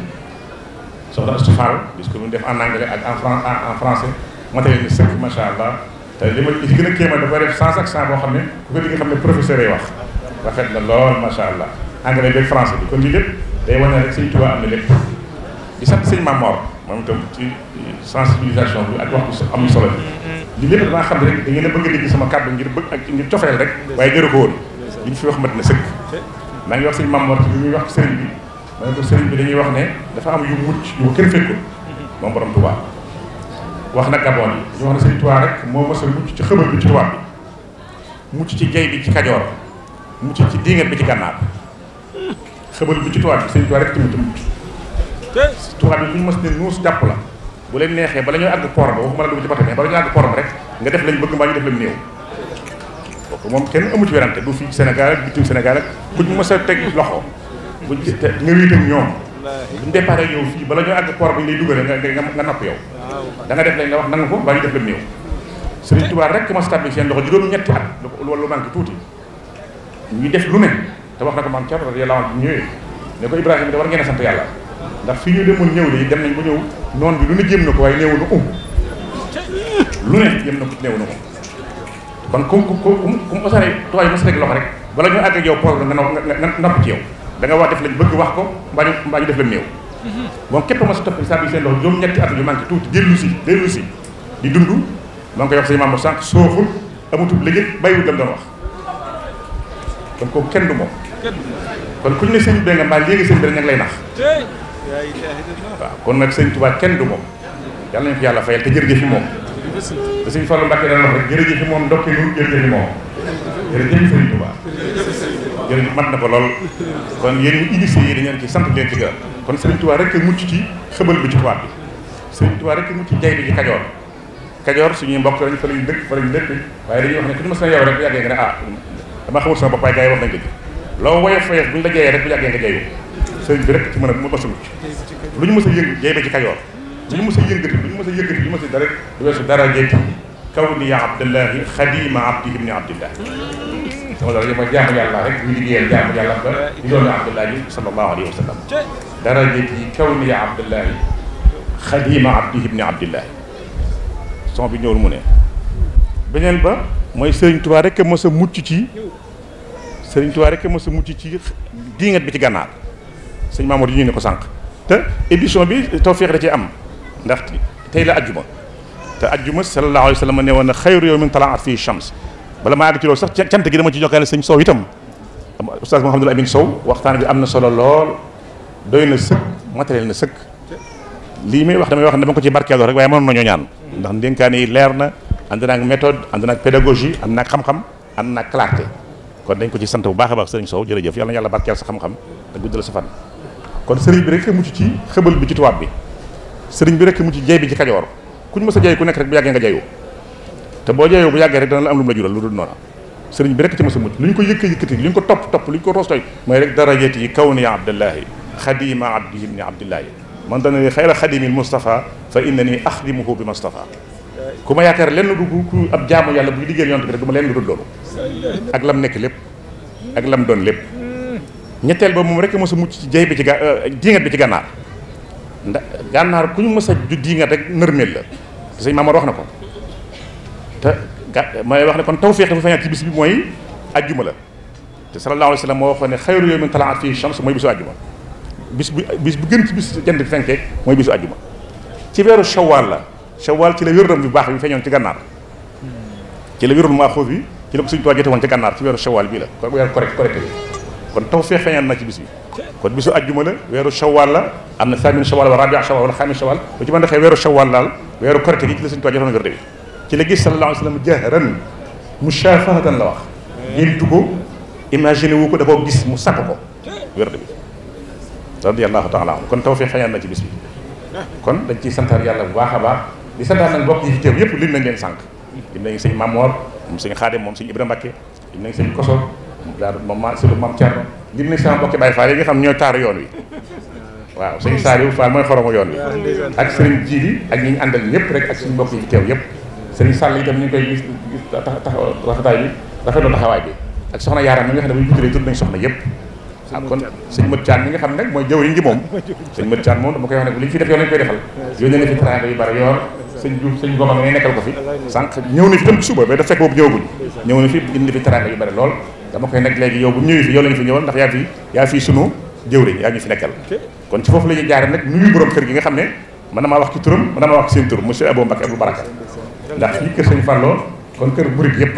soxna Soufaal discours bi mu def en anglais ak en fran en français matale ni sëkk macha allah te li ma li ci gën a kéemal dafa def cent ak cent boo xam ne ku ko li nga xam ne professeur yi wax rafet na lool macha allah anglais beeg français bi kon lii lépp day wane rek sëñ Tuubaa am na lépp di sant sëñ Mamor moom itam ci sensibilisation bi ak waxtu am solo bi li lépp damaa xam rek da ngeen a bëgg a dégg sama kàddu ngir bëgg ak ngir cofeel rek waaye jëru ko woon li ñu fi wax mat na sëkk maa ngi wax sëñ Mamor ci li ñuy wax sëriñ bi ma bi dañuy wax ne dafa am yu mucc yu ko kenn fekkul moom borom Tuubaa wax na Gabon yi ñu wax ne sëñ tuwaa rek moo mos a mucc ci xëbal bi ci tubaab bi mucc ci jay bi ci kajoor mucc ci diingat bi ci gànnaar xëbal bu ci tubaab bi sëñ tubaab bi fu ñu mës ne nuus jàpp la bu leen neexee bala ñuy àgg port ba waxuma la dugg ci bato mais bala ñuy àgg port ba rek nga def lañ bëgg mbaa ñu def lañ néew kenn amu ci werante du ci Sénégal ak bitim Sénégal ak ku ñu mës a teg loxo buñ nga wéet ak ñoom buñ déparé yow fii bala ñuy àgg port ba ñu lay dugal nga nga napp yow da nga def lañ nga wax nangu ko mbaa ñu def lañ néew sëriñ tubaab rek mas tàbbi seen loxo juróom ñetti at wala lu manqué tuuti ñu def lu ne te wax na ko maam Cerno radiyallaahu anhu ñëwee ne ko Ibrahima da war ngeen a sant yàlla ndax fii ñu ñëw de dem nañ ba ñëw noon bi lu ne jéem na ko waaye néew na um lu ne jéem na ko néew na um kon comme comme comme osare tuwaay mos rek loxo rek bala ñu àgg ak yow problème nga ci yow da wax def lañ bëgg wax ko mbaa ñu mbaa ñu def képp ma si topp saa bi seen loxo juróom ñetti at yu manqué tuuti dellu si dellu si di dund maa ngi koy wax say membre sànq sooxul amatul léegi bàyyiwul dem doon kenn du moom kon ku ñu ne sëñ bi nga mbaa léegi sëñ bi ña ngi lay nax waaw kon nag sëñ Tuubaa kenn du moom yàlla nañu ko yàlla fayal te jërëjëf fi moom te sëñ Fallou Mbacke dana rek jërëjëf fi moom ndokki lu jërëjëf fi moom jërëjëf sëñ Tuubaa jërëjëf mat na ko lool kon yéen ñi initié yi dañu leen ci sant leen ci gërëm kon sëñ Tuubaa rek mucc ci xëbal bi ci tubaab bi sëñ Tuubaa rek mucc ci jay bi ci Kajoor Kajoor suñuy mbokk lañ fa lañ dëkk fa lañ dëkk waaye dañuy wax ne ku ñu mas na yow rek bu yàggee nga ne ah, loo woyof woyof bu ñu la jayee rek bu yàggee nga jayoo sëriñ bi rek ci mën a mu mos a mucc lu ñu mos a yëngu jay ba ci kayoor lu ñu mos a yëngati lu ñu mos a yëngati lu ñu mos a dara du weesu dara jekki kaw ni ya abdallahi xadima abdi ibni abdillah sama dara ma jaamu yàlla rek ñu liggéeyal jaamu yàlla ba ñu doon abdallahi sallallahu alayhi wa sallam dara jekki kaw ni ya abdallahi xadima abdi ibni bi ñëwul mu ne beneen ba mooy sëriñ Tuubaa rek mos a mucc ci Serigne Touba rek mos a mucc ci diingat bi ci gànnaar sëñ Mamadou ñu ne ko sànq te émission bi tawféex da ci am ndax tey la ajjuma te ajjuma sallallahu alayhi wa sallam ne woon na xayru yow min talaat fii chams bala maa àgg ci loolu sax cant gi dama ci jokkaale sëñ Sow itam oustaz Mouhamadul Amin Sow waxtaan bi am na solo lool doy na sëkk matériel na sëkk lii may wax damay wax ne dama ko ci barkeeloo rek waaye mënoon nañoo ñaan ndax ndénkaane yi leer na ànd naag méthode ànd naag pédagogie ànd naag xam-xam ànd naag clarté kon dañ ko ci sant bu baax a baax sëriñ Sow jërëjëf yal na yàlla barkeel sa xam-xam te guddal sa fan kon sëriñ bi rek mucc ci xëbal bi ci tubaab bi sëriñ bi rek mucc ci jay bi ci kajoor kuñ mës a jay ku nekk rek bu yàggee nga jayoo te boo jayoo bu yàggee rek dana la am lu mu la jural lu dul noona sëriñ bi rek ci mës a mucc lu ñu ko yëkk yëkkati lu ñu ko topp topp lu ñu ko roos toy mooy rek darajat yi kaw ni abdullahi xadima abdi ibni abdullahi man dana xayra xadimil mustafa fa innani axdimuhu bi ku ma yaakaar lenn du ku ab jaamu yàlla buy liggéeyal yonent bi rek du ma lenn lu dul loolu ak lam nekk lépp ak lam doon lépp ñetteel ba moom rek mos a mucc ci jey bi ci ga euh, bi ci gànnaar ndax gànnaar ku ñu mos a ju diingat rek nërmeel la te sëñ Maamar wax na ko te ga may wax ne kon tawfeex dafa feeñaat ci bis bi mooy ajjuma la te sallallahu alayhi wa sallam moo waxoon ne xayru yawmin talaat fii shams mooy bisu ajjuma bis bu bis bu gën ci bis jant bi mooy bisu ajjuma ci weeru shawaal la shawal ci la wérdam bi baax bi feeñoon ci gànnaar ci la wérdul bi ci la ko suñu tuwi jote woon ci gànnaar ci weeru shawal bii la kon weeru correct correct bi kon taw fee feeñoon na ci bis bi kon bisu ajjuma la weeru shawal la am na samin shawal wala rabi shawal wala xamin shawal lu ci mën defee weeru shawal daal weeru correct gi ci la suñu tuwi jote woon wérd la gis sallallahu alayhi wa sallam jahran mushafahatan la wax géntu ko imaginer wu ko da koo gis mu sakk ko wérd bi radiyallahu taala kon taw fee feeñoon na ci bis bi kon dañ ciy santar yàlla bu baax a baax di santaan nag mbokk yi fi teew yëpp lim nañ leen sànq lim nañ sëñ Mamor moom sëñ Xaadim moom sëñ Ibra Mbakke lim nañ sëñ Koso moom ma xam ñooy yoon wi waaw sëñ Saliou Fall mooy xoromu yoon wi ak sëriñ Jiili ak ñi ñu àndal ñëpp rek ak suñu mbokk yi fi teew na taxawaay Mët Caan mooy jëwriñ ji moom sëñ dama koy wax ne bu li ñu fi def yoon lañ koy fi teraanga yu bari yoor sëñ Diouf sëñ Goma nga nekkal ko fi sànq ñëw na fi tam suba ba daf fekk boobu ñëwaguñ ñëw na fi indi fi teraanga yu bari lool dama koy nag léegi yow bu ñëwee fi yow la fi ñëwal ndax yaa fi yaa fi sunu jëwriñ yaa ñu fi nekkal kon ci foofu la ñuy jaare xam ne mën na maa wax ci ndax fii kër sëñ Fallou kon kër murid yëpp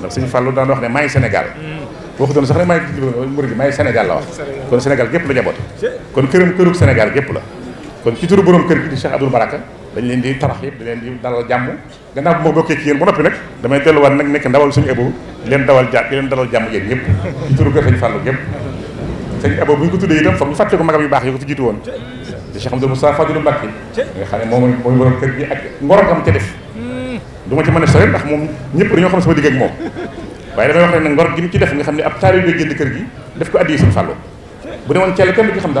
ndax sëñ Fallou daan wax ne maay Sénégal hmm. waxu doon sax ne maay murid maay Sénégal la wax kon Sénégal gépp la jaboote kon këram kërug Sénégal la kon ci turu borom kër gi di dañ leen di tarax it leen di dalal jàmm gannaaw bu ma bokkee ci yéen bu noppi nag damay delluwaat nag nekk ndawal suñu ebo di leen dawal jàmm di leen ci turu kër sañ fàllu yëpp sañ ebo bu ñu ko tuddee itam foog ñu fàtte ko magam yu baax yi ko ci woon di Cheikh Amadou Moustapha xam ne moom a sori ndax moom ñëpp dañoo xam sama digg ak moom waaye damay wax ne nag gi mu ci def nga xam ne ab taari bi jënd kër gi def ko addi suñu fàllu bu ne woon kenn du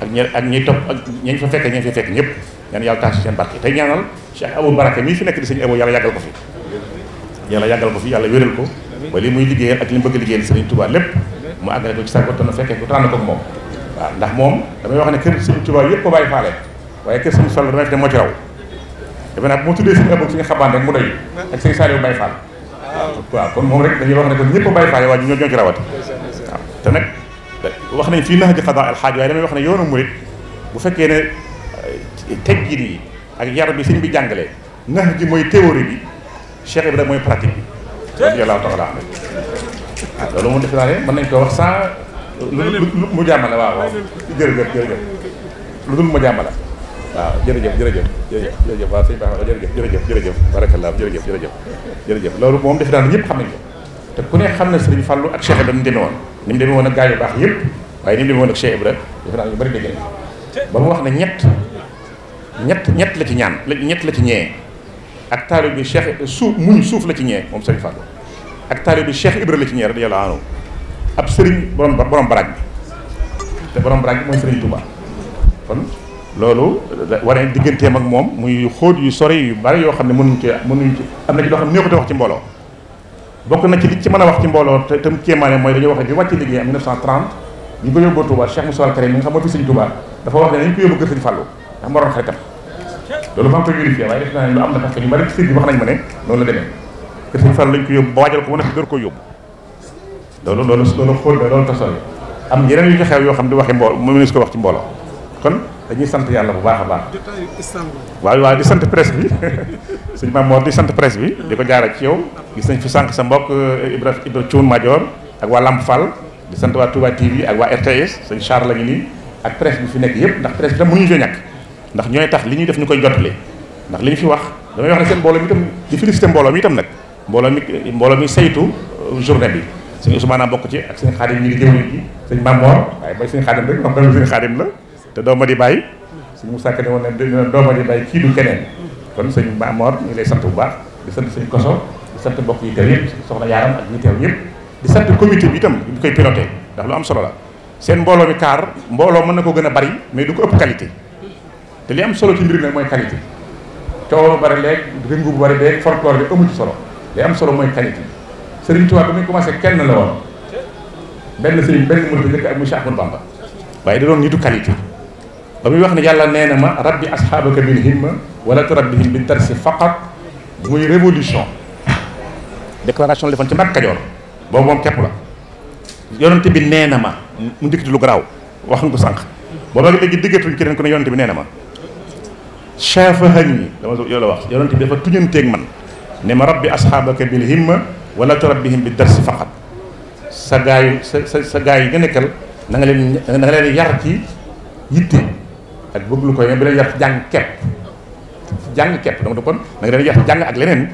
ak ñi ak ñi topp ak ñañ fa fekk ñañ fa fekk ñëpp ñaan yàlla tax seen barke tey ñaanal Cheikh Abou Baraka mii fi nekk di sëñ Abou yàlla yàggal ko fi yàlla yàggal ko fi yàlla wéral ko ba li muy liggéeyal ak li mu bëgg ko ci moom waaw ndax moom damay wax ne kër sëriñ Touba yëpp ko bàyyi faale waaye kër sëriñ Fall damay fi ne moo ci tuddee sëriñ Abou suñu xabaan rek mu kon moom rek dañuy wax ne kon ñëpp ko bàyyi faale waa ñu ñoo ci rawati te nag wax nañ fii nax ji xadaa alxaaj waaye damay wax ne yoonu murit bu fekkee ne euh, teggin di ak yar bi sëñ bi jàngale nax ji mooy théorie bi bi Ibrahima mooy pratique bi radiyallaahu taala anhu waaw ah, loolu moom defe naa ne mën nañ ko wax sans mu jàmmale waaw waaw jërëjëf jërëjëf lu dul mu jàmmale waaw jërëjëf jërëjëf jërëjëf jërëjëf waaw sëñ Ba jërëjëf jërëjëf jërëjëf barakallah jërëjëf jërëjëf jërëjëf loolu moom defe naa ne ñëpp xam nañ te ku ne xam na sëriñ Fallou ak Cheikh Ibra mu demee woon ni mu demee woon ak gaa yu baax yëpp waaye ni mu demee woon ak Cheikh bëri dégg ba mu wax ne ñett ñett ñett la ci ñaan ñett la ci ñee ak taalib bi Cheikh suuf suuf la ci ñee moom sëriñ ak taalib bi Cheikh Ibra la ci ñee radiyallahu anhu ab sëriñ borom borom baraag bi borom baraag bi mooy kon loolu waree digganteem ak moom muy xóot yu sori yu bari yoo xam ne mënuñ ci mënuñ ci am na ci loo xam ne néexute wax ci mbooloo bokk na ci li ci mën a wax ci mbooloo te tam kéemaane mooy dañoo wax bi wàcc liggéey am 1930 ñu ko yóbboo Touba Cheikh Moussa Karim mi nga xam moo fi sëñ Touba dafa wax ne nañ ko yóbbu kër sëñ Fallou lu am na parce que ñu bari ci sëñ bi wax nañ ma ne noonu la demee kër sëñ Fallou lañ ko yóbbu ba waajal ko mu nekk door ko yóbbu loolu loolu loolu xool la loolu tasal am yeneen yu ci xew yoo xam di waxe mbool mu ne su ko wax ci mbooloo kon dañuy sant yàlla bu baax a baax. waaw waaw di sant presse bi suñ maam Mor di sant presse bi. li ko jaara ci yow. gis nañ fi sànq sa mbokk eh, Ibra Ibra Thioune Madior ak waa Lamp Fall di sant waa Touba TV ak waa RTS sëñ Charles la ñu nii ak presse bi fi nekk yëpp ndax presse bi tam mënuñu fi ñàkk ndax ñooy tax li ñuy def ñu koy jottali ndax li ñu fi wax damay wax ne seen mbooloo mi itam di mi itam nag mbooloo mi mbooloo mi saytu euh, journée bi sëñ Ousmane a bokk ci ak sëñ Xaadim ñi ngi jëwriñ ji sëñ Mamor waaye bay sëñ Xaadim rek moom tamit te dooma di bàyyi suñu mu sàkkane woon ne dooma di bàyyi kii du keneen kon sëñ Mamor ñu ngi lay sant bu baax di sant sëñ Koso di sant mbokk yi teew yëpp soxna yaaram ak ñi teew ñëpp di sant comité bi itam ñu koy piloté ndax lu am solo la seen mbooloo mi kaar mbooloo mën na ko gën a bari mais du ko ëpp qualité te li am solo ci mbir nag mooy qualité coow bari léeg rëngu bu bari léeg folklore bi amu ci solo li am solo mooy qualité Serigne Touba ba muy commencé kenn la woon benn Serigne benn mënut a njëkk ak monsieur Ahmadou Bamba waaye da doon nitu qualité. ba muy wax ne yàlla nee na ma rabbi asxaabaka bil himma wala turabbihim bi tarsi faqat muy révolution déclaration la defoon ci Mbàkke Kajoor boobu moom képp la yonent bi nee na ma mu ndikkati lu garaaw wax nga ko sànq booba nga léegi déggatuñ keneen ku ne yonent bi nee na ma chaafahan yi dama yow la wax yonent bi man ne ma rabbi asxaabaka bil himma bi darsi faqat sa gaay sa sa sa gaay yi nga nekkal na nga leen na nga leen yar ci yitte ak bëgg lu koy mais bu leen yar ci jàng kepp jàng kepp donc kon da nga leen yar ci jàng ak leneen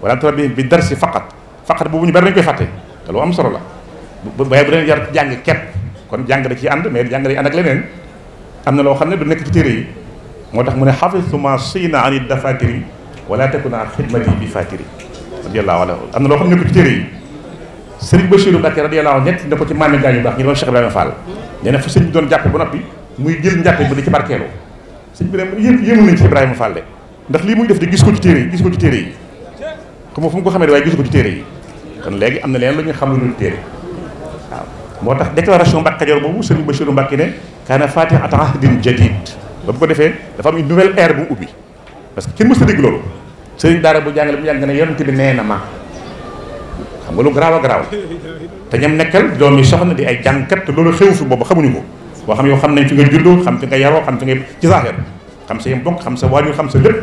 wala tarbi bi dar si faqat faqat boobu ñu bari dañ koy fàtte te loo am solo la waaye bu leen yar ci jàng kepp kon jàng da ciy ànd mais jàng day ànd ak leneen am na loo xam ne du nekk ci téere yi moo tax mu ne xafisuma siina ani dafatiri wala tekuna xidmati bi fatiri radiyallahu anhu am na loo xam ne nekk ci téere yi sëriñ Bachirou Mbacké radiyallahu ñett na ko ci maame gaa yu muy jël njàppe bi di ci barkeelu sëñ bi ne yëpp yéemu nañ ci Ibrahima Fall de ndax lii muy def de gis ko ci téere yi gis ko ci téere yi xam nga mu ko xamee de waaye gis ko ci téere yi kon léegi am na leen lu ñu xam lu moo tax déclaration Mbacke Kajoor boobu sëriñ Bassirou Mbacke ne kaana faatihata ahdin jadid ba bu defee dafa am une nouvelle bu ubbi parce que kenn mësta dégg loolu bu jàngale yàgg ne yonent bi nee na ma xam nga lu garaaw a garaaw te ñam nekkal doom yi ne di ay jàngkat te loolu xew fi boobu xamuñu ko boo xam yow xam nañ fi nga juddoo xam fi nga yaroo xam fi nga ci saaxeet xam say mbokk xam sa waajur xam sa lépp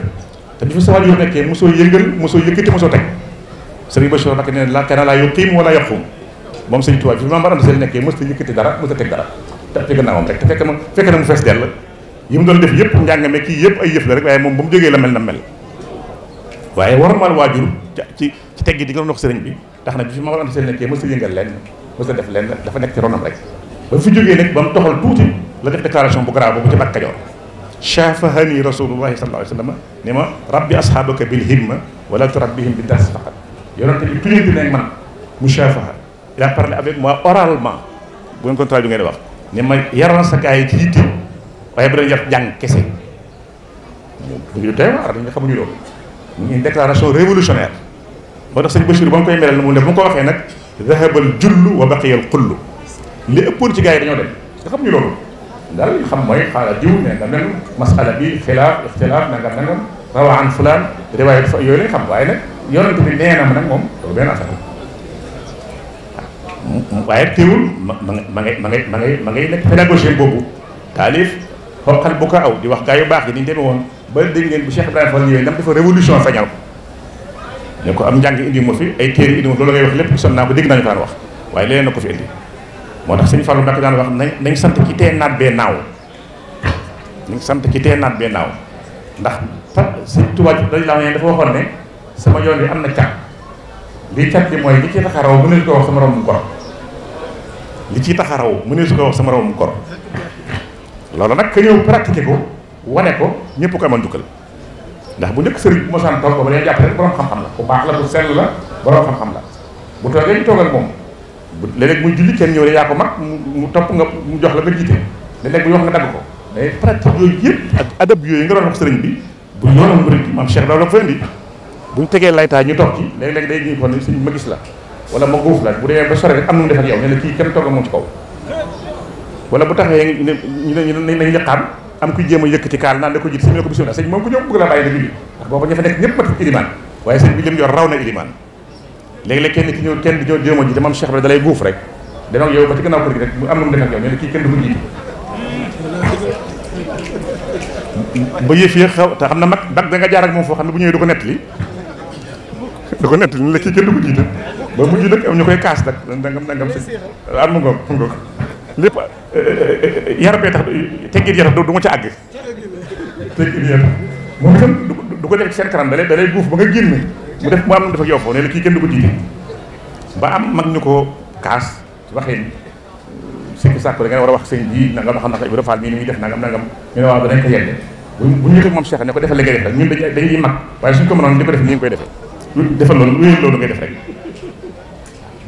te bi fi sa waajur nekkee mosoo yëngal mosoo yëkkati a yëkkati a teg dara te ci gannaawam rek te fekk na fekk na mu fees dell yi mu doon def moom ba mu mel na mel waaye warmal na bi fi Maam Mor yëngal lenn mosut a def lenn dafa nekk ci ronam rek ba fi jógee nag ba mu toxal tuuti la def déclaration bu garaaw boobu ci Mbàkke Kajoor shaafahani rasulullahi sallallahu alayhi wa sallam ne ma rabbi ashaabaka bil himma wala turabbihim bi das faqat yonente bi tuñante ne man mu shaafaha il a parlé avec moi oralement bu ngeen ko traduire ngeen wax ne ma yaral sa gars yi ci yitte waaye ba dañu def jàng kese mu ngi doy waar dañu xamuñu loolu une déclaration révolutionnaire moo tax sëñ Bachir ba mu koy melal mu ne bu ma ko waxee nag zahabal jullu wa baqiya al qullu li ëppoon ci gars yi dañoo dem parce que xam ñu loolu daal xam mooy xaala jiw ne nga nen masala bi xilaaf ixtilaaf nangam nangam rawa an fulaan riwaaya yooyu lañ xam waaye nag yonent bi nee na ma nag moom loolu benn affaire waaye teewul ma ma ngay ma ngay ma ngay ma boobu taalif xoqal bu ko aw di wax gaa yu baax di ni ñu demee woon ba dégg ngeen bu Cheikh Ibrahima Fall ñëwee ndam ne am njàng indi ma fi ay téere indi ma loolu naa ko dégg naa ñu ko daan wax waaye leneen na ko fi indi moo tax suñu Fallou Mbacke daan wax nañ nañ sant ci tee naat bee naaw nañ sant ci tee naat bee naaw ndax fa sëñ Touba dañ laa ne dafa ne sama yoon bi am na cat li cat li mooy li ciy taxaraw mu ne su ko wax sama romb gor li ciy taxaraw mu ne su ko wax sama romb gor loolu nag ka ñëw ko wane ko ñëpp ko amal njukkal ndax bu njëkk sëriñ bu ma saan toog ba ba jàpp rek borom xam-xam la ku baax la bu sell la borom xam-xam la bu toogee ñu toogal moom bu léeg-léeg muy julli kenn ñëw ne yaa ko mag mu topp nga mu jox la nga jiite léeg-léeg bu wax nga dagg ko mais pratique yooyu yëpp ak adab yooyu nga doon wax sëriñ bi bu yoonam murid bi la ko fa indi bu ñu tegee laytaay ñu toog ci léeg-léeg day ñuy xool sëriñ ma gis la wala ma góof la bu demee ba sore rek am nu mu def ak ne la ñu ne ñu ne nañ ñaqaan am kuy a ne ko bisimilah moom ko ñëw bëgg la bàyyi na julli ndax booba ña fa nekk ñëpp matul ilimaan waaye sëñ bi lim yor raw na ilimaan léegi-léeg kenn ki ñëw kenn di ñëw jéem a jiite bi da lay guuf rek dem ak yow ba ci gannaaw kër gi rek mu am lu mu def ak yow ñu ne kii kenn du ko jiite ba yëf yi te xam na mag dag da nga jaar ak moom foo xam ne bu ñëwee ko nettali du ko nettali la kii kenn du ko jiite ba mujj nag am ñu koy kaas nag dangam dangam si am mu ngoog mu ngoog lépp euh, euh, yar bee tax teggit yar du ma ca àgg teggit yar moom itam du ko def ci seen kanam da lay guuf ba nga génn mu def mu am dafa yow foofu nee na kii kenn du ko jiite ba am mag ñu ko kaas waxee sikki sàkku da ngeen war a wax sëñ bii nangam xam na ko Ibra Fall mii ni muy def nangam nangam ñu ne waaw danañ ko yegg bu ñu ko moom Cheikh ne ko defal li ngay def rek ñun dañ dañuy mag waaye ko mënoon di ko def nii nga koy defee defal loolu lu loolu ngay def rek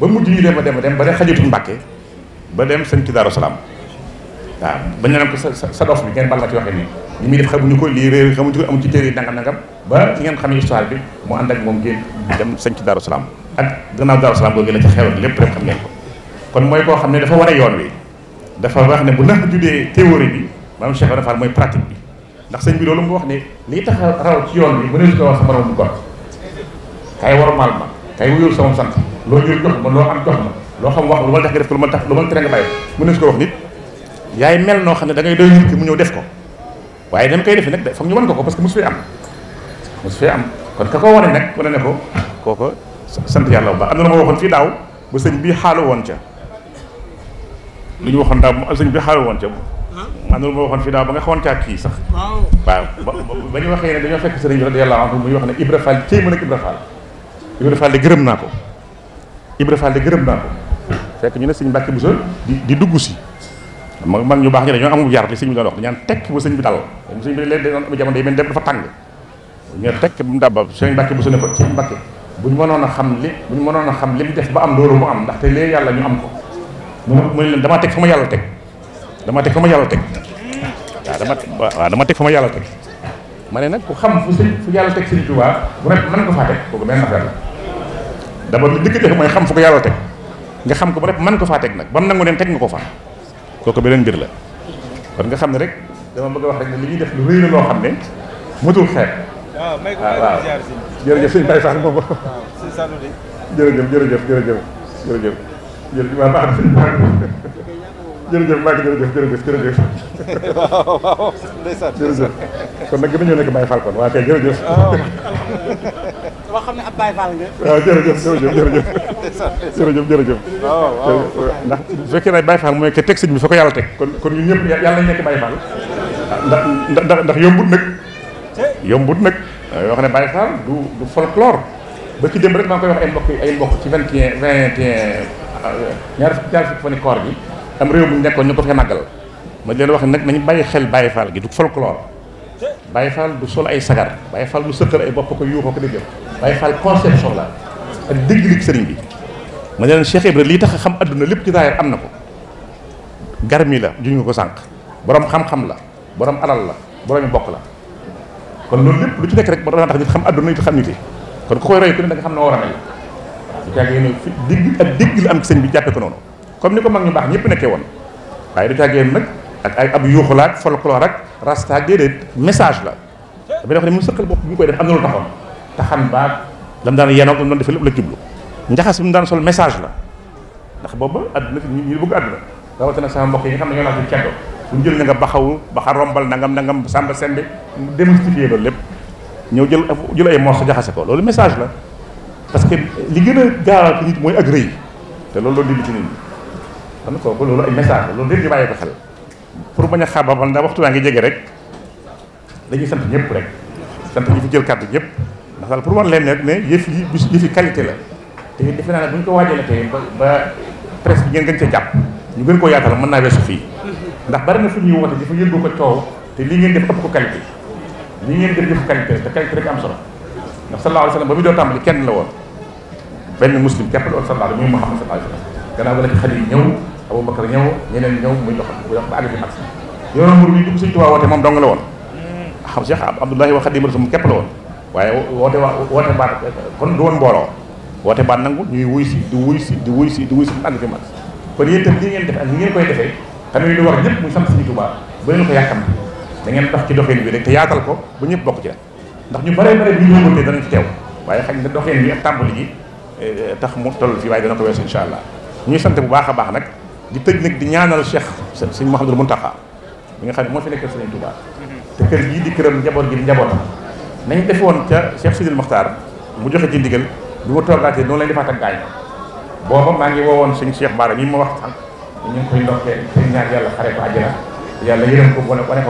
ba mujj ñu dem a dem a dem ba de xajatul Mbàkke ba dem sëñ ci Salaam waaw bañ na ko sa dof bi ngeen bal la ci waxee nii li muy def xamuñu ko lii réer xamuñu ci téere nangam nangam ba ngeen xamee histoire bi mu ànd ak moom ngeen dem sañ ci Daaru ak gannaaw Daaru ko kon mooy koo xam ne dafa war a yoon wi dafa wax ne bu la tuddee théorie bi maanaam Cheikh Ibra Fall mooy pratique bi ndax sëñ bi loolu mu wax ne lii tax a raw ci yoon bi mënees ko wax sa moroom gor kay warumaal ma kay wuyul sama sant loo jël jox ma loo am jox xam wax lu ma def nga def ko yaay mel noo xam ne da ngay doy nit ki mu ñëw def ko waaye dama koy defee nag de foog ñu wan ko ko parce que su fee am mosu fee am kon ka ko wane nag wane ne ko kooko sant yàlla bu am na la ma waxoon fii daaw ba sëñ bi xaalu woon ca lu ñu waxoon daaw ba bi xaalu woon ca am na lu ma waxoon fii daaw ba nga xawoon caa kii sax waaw ba ñu waxee ne dañoo fekk sëriñ bi radiyallahu anhu muy wax ne Ibra Fall cey mën ak Ibra Fall Ibra Fall de gërëm naa ko Ibra Fall de gërëm naa ko fekk ñu ne sëñ Mbàkke Buso di di dugg si mag mag ñu baax ñi dañoo amul yar li sëñ bi doon wax dañaan tekk ba sëñ bi dal sëñ bi léeg-léeg doon am jamono yi mel dem dafa tàng ñoo tekk bu mu dabba sëñ a xam li bu ñu mënoon a xam li mu def ba am loolu mu am ndaxte léegi yàlla ñu am ko mu mu leen damaa teg fa ma yàlla teg damaa teg ma yàlla teg waaw dama waaw dama teg fa ma yàlla teg ma ne nag ku xam fu sëñ fu yàlla teg sëñ Tuubaa bu nekk mën ko faa teg kooku benn affaire la d'abord li dëkk def mooy xam fu ko yàlla teg nga xam ko bu nekk mën ko faa teg nag ba mu nangu neen teg nga ko fa kooku beneen mbir la kon nga xam ne rek dama bëgg a wax rek li ñuy def lu rëy la loo xam ne mëtul xeet waaw ah, waaw jërëjëf sëñ Baye Fall moom jërëjëf jërëjëf jërëjëf jërëjëf jërëjëf waaw baax na jërëjëf Mbacke jërëjëf jërëjëf jërëjëf waaw waaw kon nag gën a ñëw nekk Baye Fall kon waa kay jërëjëf ah, dama xam ne ab Baye Fall nga. waaw jërëjëf jërëjëf waaw waaw ndax bu fekkee ne Baye Fall mooy que teg bi fa ko yàlla teg. kon kon ñun ñëpp yàlla nekk Baye Fall. ndax ndax ndax yombut nag. yombut nag. yoo ne Baye du du folklore. ba ki dem rek maa koy wax ay mbokk ay mbokk ci vingt et un vingt un ñaar ñaar fukki fani koor bi am réew bu ñu nekkoon ñu ko fee màggal ma leen wax nag nañu bàyyi xel Baye Fall gi du folklore Baye Fall du sol ay sagar Baye Fall du sëqal ay bopp ko yuuxoo ko dégg Baye Fall conception la ak dégg li sëriñ bi ma ne leen Cheikh lii tax a xam adduna lépp ci daayar am na ko garmi la juñ nga ko sànq borom xam-xam la borom alal la borom yi bokk la kon loolu lépp lu ci nekk rek ba dana tax nit xam adduna nit xam nit kon ku koy roy ku ne da nga xam ne war a mel su caagee ne fi dégg ak dégg la am ci sëñ bi jàppe ko noonu comme ni ko mag ñu baax ñëpp nekkee woon waaye du caagee nag ak ay ab yuuxulaak folklore ak rastaak déedéet message la damay wax ne mu sëqal bopp bi koy def am na lu taxoon taxan baag lam daan yenoog lam daan defee lépp la mu daan sol message la ndax booba àdduna fi ñu bëgg àdduna rawatina sama mbokk yi xam ne ñoo naa ci jël na nga baxawu baxa rombal nangam nangam sàmba sembe démystifier loolu lépp ñëw jël jël ay morceau jaxase ko loolu message la parce que li gën a gaawal ci mooy agré te loolu loolu dindi ci nit ñi xam nga kooku loolu ay message la loolu lépp ñu bàyyi xel pour bañ a xaar xaababal ndax waxtu waa ngi jege rek dañuy sant ñëpp rek sant ñu fi jël kàddu ñëpp ndax daal pour wan leen rek ne yëf yi bis yëfi qualité la te defe naa ne bu ñu ko waajalee tey ba ba presse bi ngeen gën cee jàpp ñu gën koo yaatal mën naa weesu fii ndax bari na fu ñuy woote dafa yëngu ko coow te lii ngeen def ëpp ko qualité lii ngeen def def qualité te qualité rek am solo ndax sallallahu alayhi wa sallam ba muy doo tàmbali kenn la woon benn muslim képp la woon sallallahu alayhi muy Muhammad sallallahu alayhi wa sallam gannaaw ga la ci xale ñëw Aboubacar ñëw ñeneen ñëw muy dox muy dox ba àgg fi mag yoonu mbir mi dugg Sëñ Tuubaa woote moom dong la woon xam Cheikh Abdoulahi wa Xadim Rasul képp la woon waaye woote wa woote baat kon du woon mbooloo woote baat nangu ñuy wuy si di wuy si di wuy si di wuy si mu àgg fi mag kon yéen itam li ngeen def ak ñi ngeen koy defee xam ne lu war ñëpp muy sant Sëñ Tuubaa ba leen ko yàkkam da ngeen dox ci doxin bi rek te yaatal ko ba ñëpp bokk ci rek ndax ñu bare bare bi ñu yóbbante danañ fi teew waaye xañ na doxin bi ak tàmbali gi eh, eh, tax mu toll fii waaye dana ko weesu incha allah ñuy sant bu baax a baax nag di tëj nag di ñaanal Cheikh sëñ Mouhamadou Mountakha mi nga xam ne moo fi nekk di këram njaboot gi di njabootam nañ def woon ca Cheikh Sidil Mokhtar mu joxe ci ndigal bi ma toogaatee noonu lañ defaat ak gaañ booba maa ngi woowoon sëñ Cheikh Bara mi ma wax sànq ñu ngi koy ndokkee sëñ ñaar yàlla xare ko àjjana yàlla yërëm ko wane wane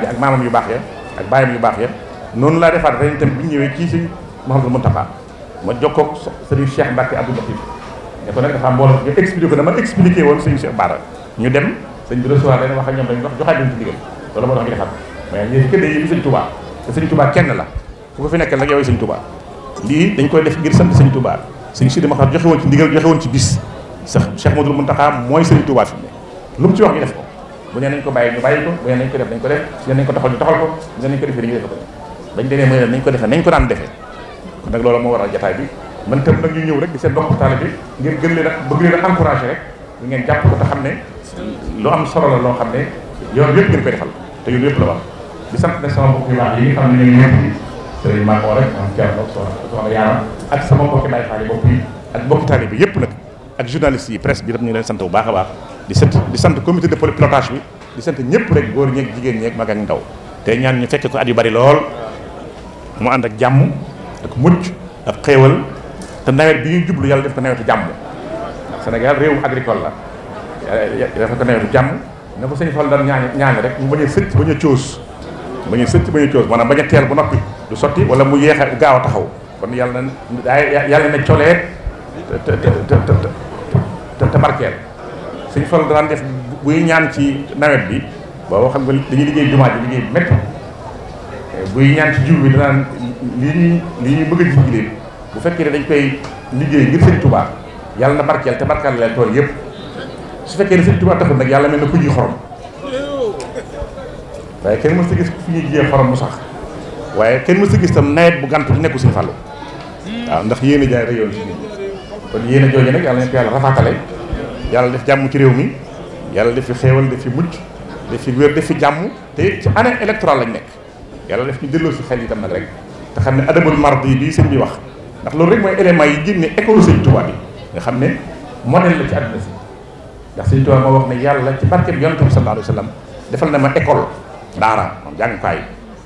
bi ak maamam yu baax ya ak yu baax ya noonu laa defaat ren itam bi ñu ñëwee kii sëñ Mouhamadou Mountakha ma jokkoog sëriñ Cheikh Mbacke Abdou Latif ne ko nag dafa am mbooloo ñu expliqué ko na man expliqué woon sëñ Cheikh Bara ñu dem sëñ bi recevoir leen wax ak ñoom dañ wax joxaat leen ci ndigal loolu moo tax ñu defar mais ñi këddee yi sëñ Touba te sëñ Touba kenn la ku ko fi nekkal nag yow sëñ Touba lii dañ koy def ngir sant sëñ Touba sëñ Sidi Maxtar joxe woon ci ndigal joxe woon ci bis sax Cheikh Modou Mountakha mooy sëñ Touba fi ne lu mu ci wax ñu def ko bu nee nañ ko bàyyi ñu bàyyi ko bu nee nañ ko def dañ ko def bu nee nañ ko taxal ñu taxal ko bu nee nañ ko defee dañu def ko bañ demee mooy nañ ko defee nañ ko daan defee kon nag loolu moo waral jataay bi man itam nag ñu ñëw rek di seen mbokku taalibe bi ngeen gën leen a bëgg leen a encouragé rek ngeen jàpp ko te xam ne lu am solo la loo xam ne yoon yëpp ngeen koy defal te yoon yëpp la wax di sant sama mbokk yu baax yi nga xam ne ñu ngi nekk ci ak sama mbokki Baay Faal yi yi ak mbokki taalibe bi yëpp nag ak journaliste yi presse bi tam ñu leen sant bu baax a baax di sant di sant comité de pilotage bi di sant ñëpp rek góor ñeeg jigéen ñeek mag ak ndaw te ñaan ñu fekke ko at yu bari lool mu ànd ak jàmm ak mucc ak te nawet bi ñu jublu yàlla def ko nawetu jàmm ndax Sénégal réewu agricole la dafa ko nawetu jàmm ko sëñ Fall daan ñaan ñaan rek mu bañ a sëcc bañ a coos bañ a sëcc bañ a coos maanaam bañ a teel bu noppi du sotti wala mu yéex gaaw a taxaw kon yàlla na yàlla na colee te te te barkeel sëñ Fall daan def buy ñaan ci nawet bi booba xam nga dañuy liggéey jumaa ji liggéey métti buy ñaan ci jiw bi danaan lii ñuy lii ñuy bëgg a jiw bu fekkee ne dañ koy liggéey ngir sëñ Touba yàlla na barkeel te barkeel leen tool yëpp su fekkee ne sëñ Touba taxul nag yàlla mel na ku ñuy xorom waaye kenn mën a gis fu ñuy jiyee xorom sax waaye kenn mës a gis tam nawet bu gàntu di nekku sëñ Fallou waaw ndax yéen a jaay réyoon si nit kon yéen a jooje nag yàlla nañ ko yàlla rafaatale yàlla def jàmm ci réew mi yàlla def fi xeewal def fi mucc def fi wér def fi jàmm te ci année électorale lañ nekk yàlla def ñu delloo si xel yi tam nag rek te xam ne adabul mardi bii sëñ bi wax ndax loolu rek mooy élément yi génne école sëñ Tuubaa bi nga xam ne modèle la ci àdduna si ndax sëñ Tuubaa moo wax ne yàlla ci barkeem yonent bi sallallahu alayhi wa sallam defal na ma école daara moom jàngukaay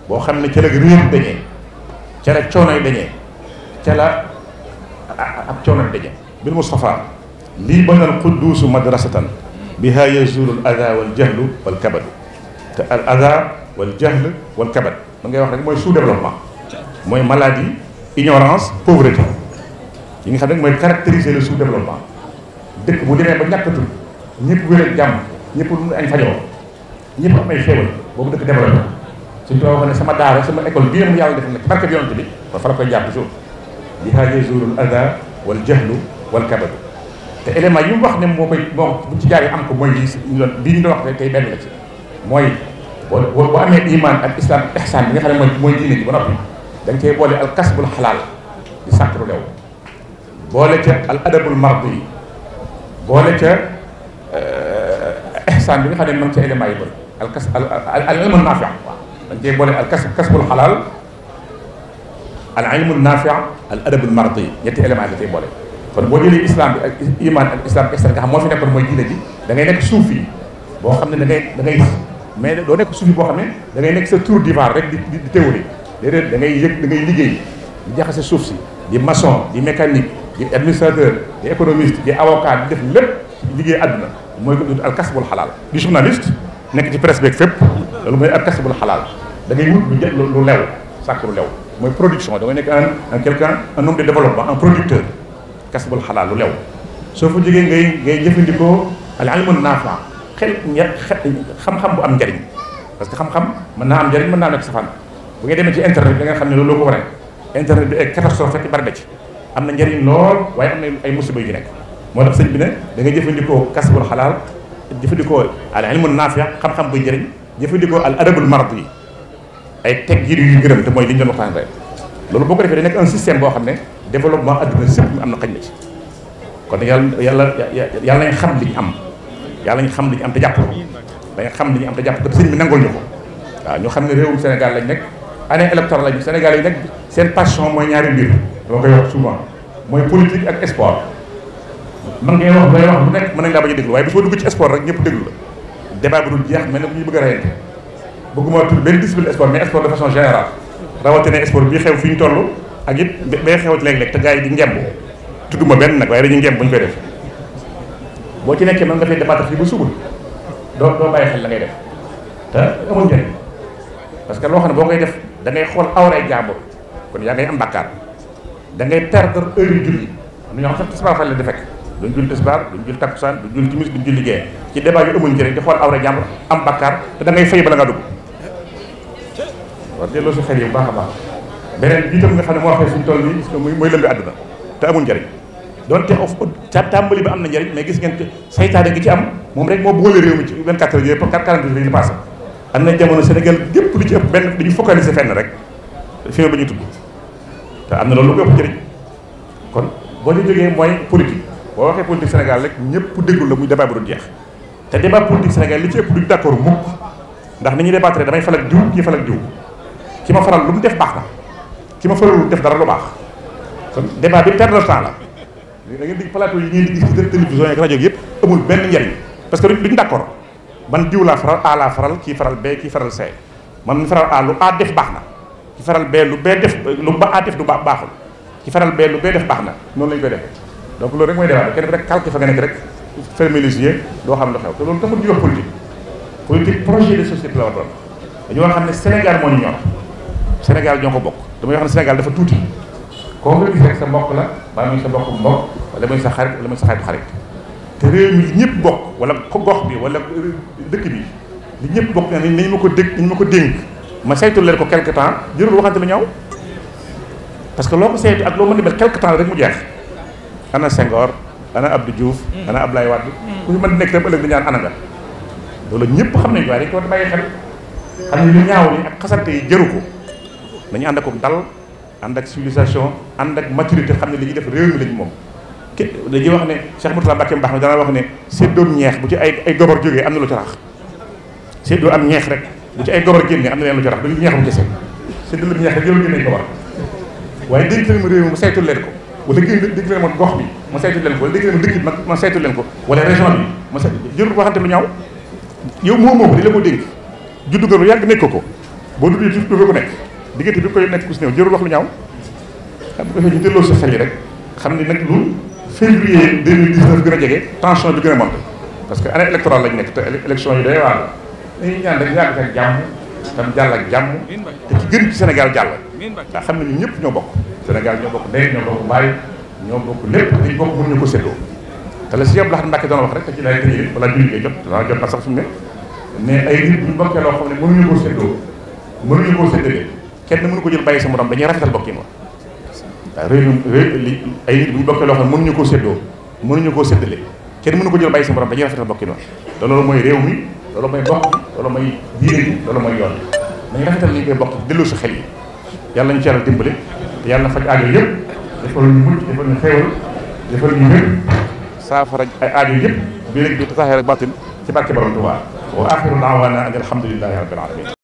boo xam ne ca la réer dañee ca la coonoy dañee ca la ab coono dañee bil Mustafa lii banal qudduusu madrasatan biha yazulu al ada wal jahlu wal kabadu te al ada wal jahl wal kabad da ngay wax rek mooy sous développement mooy maladie ignorance pauvreté yi nga xam ne mooy caractériser le sous-développement dëkk bu demee ba ñàkkatul ñëpp wér ak jàmm ñëpp lu añ fajoo am ay xéewal boobu dëkk développé suñ too wax ne sama daara sama école bii mu yàlla def na ci barke bi yonent bi ba fa la koy jàpp jour di haaje jourul ada wal jahlu wal kabadu te élément yi mu wax ne moo koy moo bu ci jaaree am ko mooy lii ñu doon lii ñu doon tey benn la ci mooy boo boo amee iman ak islam ihsan bi nga xam ne mooy mooy diine ji dañ cey boole al kasbul xalaal di sàkkru lew boole ca al adabul mardu yi boole ca eh, ihsaan bi nga xam ne moom ca élément yi bëri al kas al ilmu naafi waaw dañ cey boole al kas kasbul xalaal al ilmu naafi al adabul mardu yi ñetti élément yi la cay boole kon boo jëlee islam bi ak iman ak islam ak ihsaan nga xam moo fi nekkoon mooy diine ji da ngay nekk suufi yi boo xam ne da ngay da ngay mais doo nekk suufi boo xam ne da ngay nekk sa tour d'ivoire rek di di théorie déedéet da ngay yëg dangay liggéey di jaxase suuf si di maçon di mécanique di administrateur di économiste di avocat di def lépp liggéey àdduna mooy ko tudd alkasbul xalaal di journaliste nekk ci presse beeg fépp loolu mooy alkasbul xalaal da ngay wut lu lu lew sàkk lu lew mooy production da ngay nekk un un quelqu'un un homme de développement un producteur kasbul xalaal lu lew soo fa jógee ngay ngay jëfandikoo al ilmun naafa xel xam-xam bu am njariñ parce que xam-xam mën naa am njariñ mën naa nekk safaan bu ngeen demee ci internet bi da nga xam ne loolu ko waral internet bi ay catastrophe fekk bari na ci am na njariñ lool waaye am na ay musiba yu nekk moo tax sëñ bi ne da nga jëfandikoo kasbul xalaal jëfandikoo al ilmu naafi xam-xam buy njëriñ jëfandikoo al adabul marad yi ay teg yi yu gërëm te mooy li ñu doon waxtaan rek loolu boo ko defee da nekk boo xam ne développement adduna sëpp am na xañ na ci kon yàlla yàlla yàlla nañ xam li am yàlla nañ xam li ñu am te jàpp ko dañ xam li am te jàpp ko sëñ bi nangul ñu ko waaw ñu xam ne réewum Sénégal lañ nekk année électorale bi Sénégal yi nag seen passion mooy ñaari mbir dama koy wax souvent mooy politique ak sport man ngay wax lay nekk mën nañ laa bañ a déglu waaye bu ko dugg ci sport rek ñëpp déglu la débat bi du jeex mel ne bu ñu bëgg a reyante bëgguma tudd benn discipline sport mais sport de façon générale rawatina sport bii xew fi ñu toll ak it bay xewat léeg-léeg te gars yi di ngemb tudduma benn nag waaye dañuy ngemb bu ñu koy def boo ci nekkee man nga fay débattre fii ba suba doo doo bàyyi xel la ngay def te amul njëriñ parce que loo xam ne boo koy def da ngay xool awray jàmbur kon yaa ngay am bàkkaar da ngay perdre heure yu julli am na ñoo xam sax tisbaar fa la di fekk duñ julli tisbaar duñ julli takkusaan duñ julli timis duñ julli gee ci débat amul njëriñ di xool awray jàmbur am bàkkaar te da ngay fay bala nga dugg war delloo si xel yi bu a baax beneen jiitam nga xam ne moo xëy suñu toll nii mooy mooy lëmbi àdduna te amul njëriñ donte of ca tàmbali bi am na njëriñ mais gis ngeen saytaane am na jamono Sénégal gépp lu ci ëpp benn dañu focaliser fenn rek film ba ñu tudd te am na loolu lu ko kon boo ñu jógee mooy politique boo waxee politique Sénégal rek ñëpp déglu la muy débat bu du jeex te débat politique Sénégal li ci ëpp duñ d'accord mukk ndax ni ñuy débattre damay falak diw kii falak diw ki ma faral lu mu def baax na ki ma faral def dara lu baax kon débat bi perdre temps la da ngeen di plateau yi ngeen di gis ci télévision rajo yëpp amul benn njariñ parce que duñ d'accord man diw laa faral A laa faral ki faral bee kii faral C man mi faral A lu A def baax na ki faral B lu bee def lu ba A def du baax baaxul ki faral bee lu bee def baax na noonu la ñu koy defee donc loolu rek mooy débat kenn rek calque fa nekk rek fermilisier loo xam lu xew te loolu taxul ñu wax politique politique projet de société la war doon dañu war xam ne Sénégal moo ñu ñor Sénégal ñoo ko bokk damay wax ne Sénégal dafa tuuti koo nga gis sa mbokk la baa muy sa mbokk mbokk wala muy sa xarit wala muy sa xaritu xarit te réew mi li ñëpp bokk wala ko gox bi wala euh, dëkk bi li ñëpp bokk nañ nañ ma ko dégg nañ ma ko dénk ma saytu leen ko quelque temps jërul waxante lu ñaaw parce que loo ko saytu ak loo mën a def quelque temps rek mu jeex ana Senghor ana Abdou Diouf mm. ab Abdoulaye Wade mm. ku fi mën nekk tam ëllëg dañaan ana nga loolu ñëpp xam nañ ko waaye dañ ko war a bàyyi xel xam ne lu ñaaw li ak xasante yi jëru ko nañu ànd ak dal ànd ak civilisation ànd ak maturité xam ne li ñuy def lañ moom dañuy wax ne Cheikh Mourtala Mbacke Mbax mi dana ñeex bu ci ay ay jógee am na lu ca rax séddoo am ñeex rek bu ci ay gobar génne am na leen lu ca rax duñu ñeex bu kese séddoo ñeex rek yow génne gobar waaye dégg leen ma réew mi ma saytul leen ko wala dégg dégg leen ma gox bi ma saytul leen ko wala dégg ma dëkk ma saytul leen ko wala région bi ma saytu jërul ko waxante lu ñaaw yow moo moo ko di la ko dénk juddu nga lu yàgg nekk ko boo duggee tuuti doo ko nekk diggante bi koy nekk ku si néew jërul lu ñaaw bu ko defee ñu delloo sa xel yi rek xam février 2019 gën a jege tension bi gën a monté parce que année électorale lañ nekk te élection yi day waar dañuy ñaan dañu jàmm tam jàll ak jàmm te ci gën ci ñëpp ñoo bokk Sénégal ñoo bokk ñoo bokk mbaay ñoo bokk lépp dañ bokk mënuñu ko séddoo rek te ci jot na sax fi mu ne mais ay nit ñu bokkee loo xam ne mënuñu ko séddoo mënuñu ko séddale kenn mënu ko jël bàyyi sa morom dañuy rafetal bokkin wa waaw réew réew li ay nit bu ñu bokkee loo xam ne mënuñu koo séddoo mënuñu koo séddale kenn mënu ko jël bàyyi sa borom dañuy rafetal bokki noonu loolu mooy réew mi loolu mooy bokk loolu mooy diine bi loolu mooy yoon dañuy rafetal ni ñu koy bokk delloo si xel yi yàlla ñu ci yàlla dimbale te yàlla faj aajo yëpp defal ñu mucc defal ñu xéewal defal ñu wér saafara aajo yëpp bii rek bi tasaxee rek baatin ci barke borom Tuubaa wa axiru daawaana an alhamdulillahi rabbil alamin